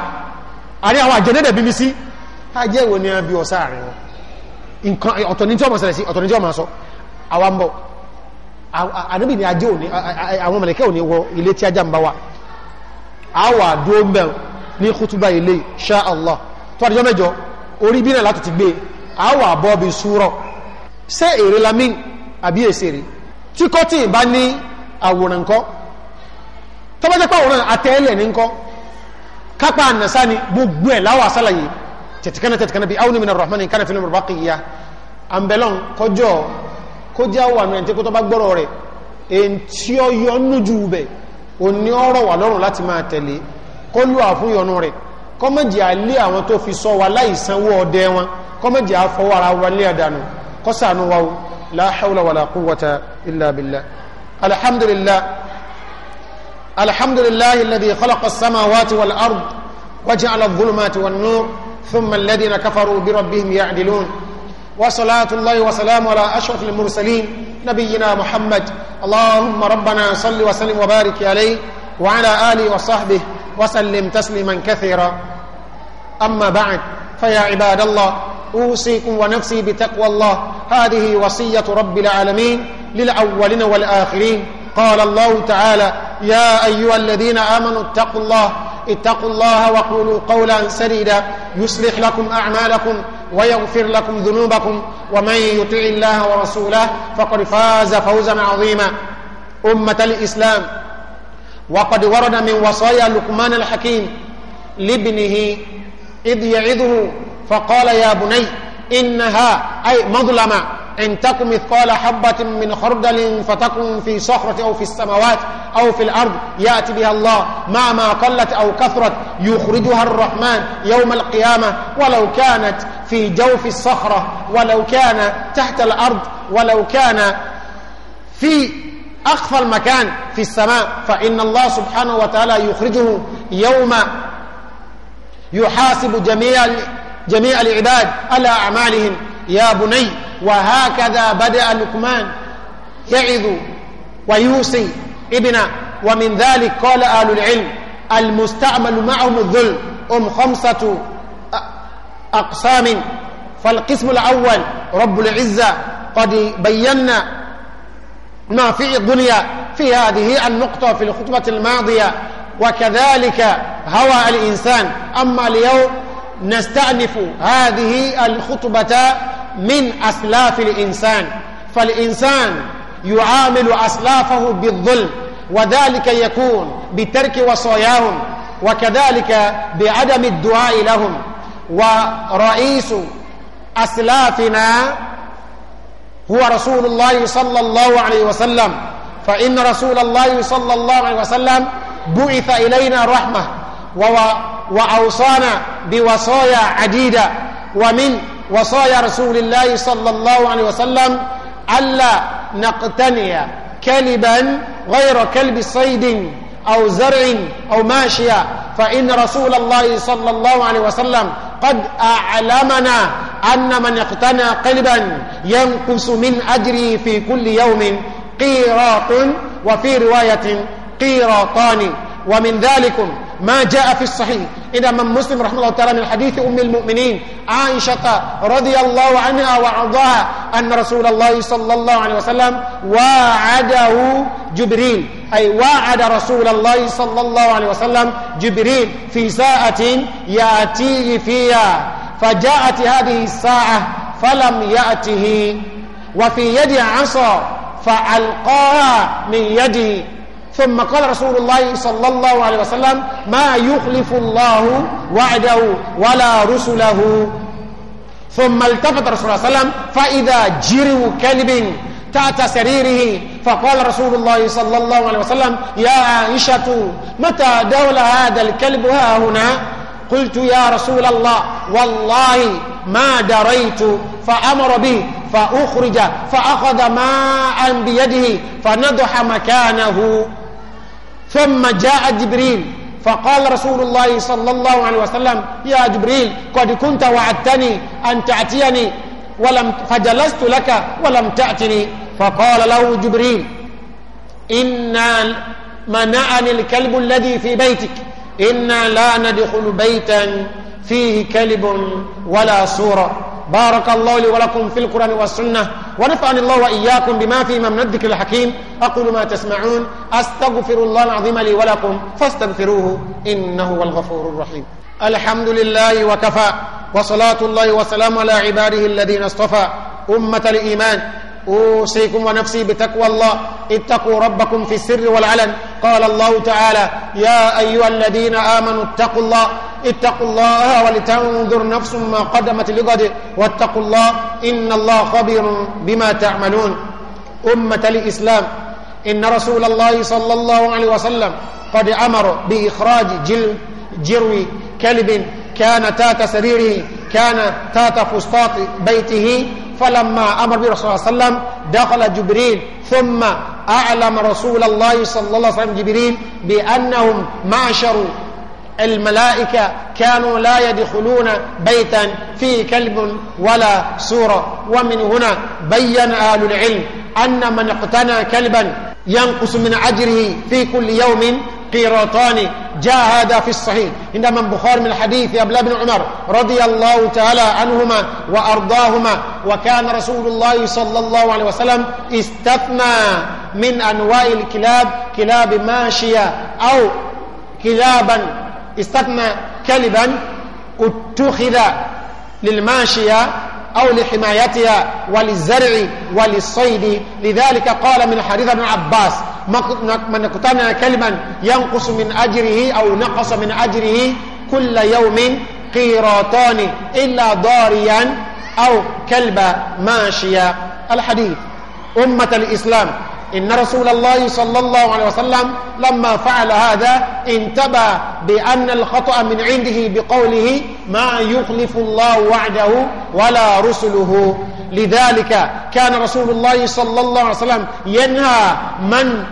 Speaker 1: àrí àwọn àjẹ́dẹ́dẹ̀ bí mi sí ajẹ́ ìwò ni ẹbí ọ̀sá àrin wọn nǹkan ọ̀tọ̀ ní tí ọmọ ṣẹlẹ̀ sí ọ̀tọ̀ ní tí ọmọ sọ àwa ń ni ajé òní àwọn Allah tó àdíjọ́ mẹ́jọ orí bí náà láti ti gbé àwà bọ́ àbí èsèrè tí kọ́tì bá ní àwòrán kọ́ tọ́bọ́jẹ́ pàwòrán àtẹ́ẹ̀lẹ̀ ní kọ́ kápá ànàsá ni gbogbo ẹ̀ láwà sálàyé tẹ̀tìkánà tẹ̀tìkánà bí áwọn mìíràn rahman kánà fílẹ̀ mọ̀rọ̀ kìí ya àmbẹ̀lọ́n kọjọ́ kó jẹ́ wà mìíràn tí kó tọ́ bá gbọ́rọ̀ rẹ̀ èyí tí ó yọ nújú bẹ̀ ò ní ọ̀rọ̀ wà lọ́rùn láti máa tẹ̀lé kó lù àfún yọnu rẹ̀ kọ́mọ̀jì alẹ́ àwọn tó fi sọ wa láì sanwó ọdẹ wọn kọ́mọ̀jì àfọwọ́ ara wa lé àdánù kọ́sàánú wa o لا حول ولا قوة إلا بالله الحمد لله الحمد لله الذي خلق السماوات والأرض وجعل الظلمات والنور ثم الذين كفروا بربهم يعدلون وصلاة الله وسلام على أشرف المرسلين نبينا محمد اللهم ربنا صل وسلم وبارك عليه وعلى آله وصحبه وسلم تسليما كثيرا أما بعد فيا عباد الله أوصيكم ونفسي بتقوى الله هذه وصية رب العالمين للأولين والآخرين قال الله تعالى يا أيها الذين آمنوا اتقوا الله اتقوا الله وقولوا قولا سديدا يصلح لكم أعمالكم ويغفر لكم ذنوبكم ومن يطع الله ورسوله فقد فاز فوزا عظيما أمة الإسلام وقد ورد من وصايا لقمان الحكيم لابنه إذ يعظه فقال يا بني إنها أي مظلمة إن تكم مثقال حبة من خردل فتكن في صخرة أو في السماوات أو في الأرض يأتي بها الله مع ما قلت أو كثرت يخرجها الرحمن يوم القيامة ولو كانت في جوف الصخرة ولو كان تحت الأرض ولو كان في أخفى المكان في السماء فإن الله سبحانه وتعالى يخرجه يوم يحاسب جميع جميع العباد على أعمالهم يا بني وهكذا بدأ لقمان يعظ ويوصي ابنه ومن ذلك قال أهل العلم المستعمل معهم الذل هم خمسة أقسام فالقسم الأول رب العزة قد بينا ما في الدنيا في هذه النقطة في الخطبة الماضية وكذلك هوى الإنسان أما اليوم نستأنف هذه الخطبة من أسلاف الإنسان فالإنسان يعامل أسلافه بالظلم وذلك يكون بترك وصاياهم وكذلك بعدم الدعاء لهم ورئيس أسلافنا هو رسول الله صلى الله عليه وسلم فإن رسول الله صلى الله عليه وسلم بعث إلينا رحمة وأوصانا بوصايا عديدة ومن وصايا رسول الله صلى الله عليه وسلم ألا نقتني كلبا غير كلب صيد أو زرع أو ماشية فإن رسول الله صلى الله عليه وسلم قد أعلمنا أن من اقتنى قلبا ينقص من أجره في كل يوم قيراط وفي رواية قيراطان ومن ذلكم ما جاء في الصحيح إذا من مسلم رحمه الله تعالى من حديث أم المؤمنين عائشة رضي الله عنها وعضاها أن رسول الله صلى الله عليه وسلم واعده جبريل أي واعد رسول الله صلى الله عليه وسلم جبريل في ساعة يأتيه فيها فجاءت هذه الساعة فلم يأته وفي يد عصا فألقاها من يده ثم قال رسول الله صلى الله عليه وسلم ما يخلف الله وعده ولا رسله ثم التفت رسول الله صلى الله عليه وسلم فإذا جروا كلب تحت سريره فقال رسول الله صلى الله عليه وسلم يا عائشة متى دول هذا الكلب ها هنا قلت يا رسول الله والله ما دريت فأمر به فأخرج فأخذ ماء بيده فنضح مكانه ثم جاء جبريل فقال رسول الله صلى الله عليه وسلم يا جبريل قد كنت وعدتني أن تأتيني ولم فجلست لك ولم تأتني فقال له جبريل إنا منعني الكلب الذي في بيتك إنا لا ندخل بيتا فيه كلب ولا صورة بارك الله لي ولكم في القرآن والسنة ونفعني الله وإياكم بما في من الذكر الحكيم أقول ما تسمعون أستغفر الله العظيم لي ولكم فاستغفروه إنه هو الغفور الرحيم الحمد لله وكفى وصلاة الله وسلام على عباده الذين اصطفى أمة الإيمان أوصيكم ونفسي بتقوى الله اتقوا ربكم في السر والعلن قال الله تعالى يا أيها الذين آمنوا اتقوا الله اتقوا الله ولتنظر نفس ما قدمت لغد واتقوا الله إن الله خبير بما تعملون أمة الإسلام إن رسول الله صلى الله عليه وسلم قد أمر بإخراج جل جروي كلب كان تات سريره كان تحت فسطاط بيته فلما أمر به الله صلى الله عليه وسلم دخل جبريل ثم أعلم رسول الله صلى الله عليه وسلم جبريل بأنهم معشر الملائكة كانوا لا يدخلون بيتا فيه كلب ولا سورة ومن هنا بين أهل العلم أن من اقتنى كلبا ينقص من أجره في كل يوم قيراطان جاء هذا في الصحيح عندما البخاري من حديث أبلا بن عمر رضي الله تعالى عنهما وأرضاهما وكان رسول الله صلى الله عليه وسلم استثنى من أنواع الكلاب كلاب ماشية أو كلابا استثنى كلبا اتخذ للماشية أو لحمايتها وللزرع وللصيد لذلك قال من حديث ابن عباس من اقتنع كلما ينقص من أجره أو نقص من أجره كل يوم قيراطان إلا ضاريا أو كلب ماشيا الحديث أمة الإسلام إن رسول الله صلى الله عليه وسلم لما فعل هذا انتبه بأن الخطأ من عنده بقوله ما يخلف الله وعده ولا رسله لذلك كان رسول الله صلى الله عليه وسلم ينهى من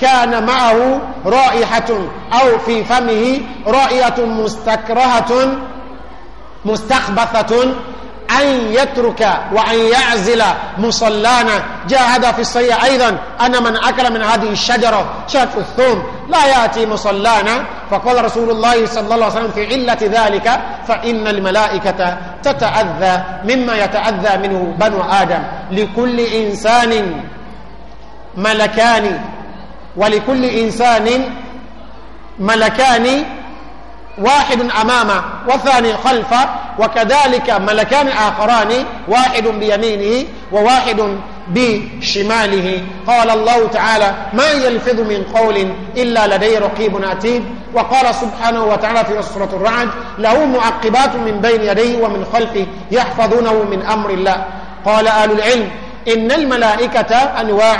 Speaker 1: كان معه رائحة أو في فمه رائحة مستكرهة مستخبثة أن يترك وأن يعزل مصلانا جاء هذا في الصحيح أيضا أن من أكل من هذه الشجرة شرف الثوم لا يأتي مصلانا فقال رسول الله صلى الله عليه وسلم في علة ذلك فإن الملائكة تتأذى مما يتأذى منه بنو آدم لكل إنسان ملكان ولكل إنسان ملكان واحد أمامه والثاني خلفه وكذلك ملكان آخران واحد بيمينه وواحد بشماله قال الله تعالى ما يلفظ من قول إلا لدي رقيب أتيب وقال سبحانه وتعالى في سورة الرعد له معقبات من بين يديه ومن خلفه يحفظونه من أمر الله قال آل العلم إن الملائكة أنواع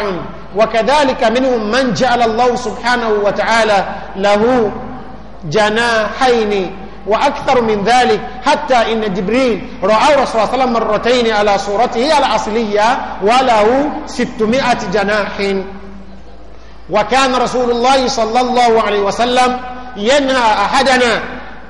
Speaker 1: وكذلك منهم من جعل الله سبحانه وتعالى له جناحين وأكثر من ذلك حتى إن جبريل رأى رسول الله صلى الله عليه وسلم مرتين على صورته الأصلية وله ستمائة جناح وكان رسول الله صلى الله عليه وسلم ينهى أحدنا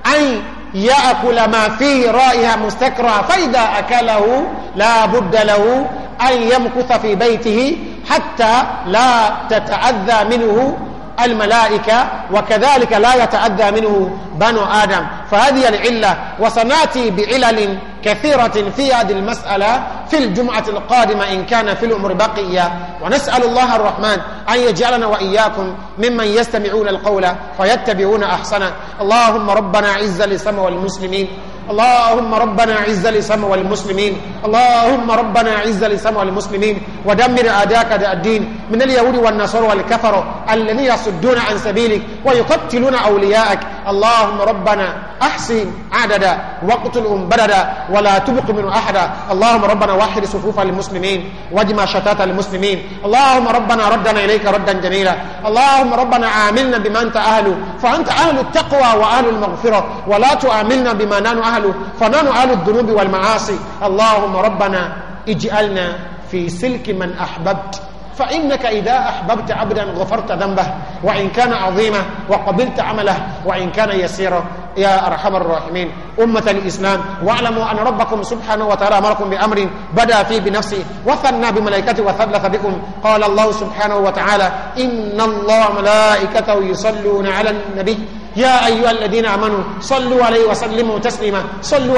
Speaker 1: أن يأكل ما في رائها مستكرى فإذا أكله لا بد له أن يمكث في بيته حتى لا تتأذى منه الملائكة وكذلك لا يتأذى منه بنو آدم فهذه العلة وسناتي بعلل كثيرة في هذه المسألة في الجمعة القادمة إن كان في الأمر بقية ونسأل الله الرحمن أن يجعلنا وإياكم ممن يستمعون القول فيتبعون أحسنه اللهم ربنا عز لسم المسلمين اللهم ربنا عز لسمع والمسلمين اللهم ربنا عز لسمع والمسلمين ودمر أعداءك داء الدين من اليهود والنصارى والكفر الذين يصدون عن سبيلك ويقتلون أولياءك اللهم ربنا أحسن عددا واقتل بددا ولا تبق من أحدا اللهم ربنا واحد صفوف المسلمين واجمع شتات المسلمين اللهم ربنا ردنا إليك ردا جميلا اللهم ربنا عاملنا بما أنت أهل فأنت أهل التقوى وأهل المغفرة ولا تعاملنا بما نحن أهله فنحن أهل الذنوب والمعاصي اللهم ربنا اجعلنا في سلك من أحببت فإنك إذا أحببت عبدا غفرت ذنبه وإن كان عظيما وقبلت عمله وإن كان يسيرا يا أرحم الراحمين أمة الإسلام واعلموا أن ربكم سبحانه وتعالى أمركم بأمر بدأ فيه بنفسه وثنى بملائكته وثلث بكم قال الله سبحانه وتعالى إن الله ملائكته يصلون على النبي يا أيها الذين آمنوا صلوا عليه وسلموا تسليما صلوا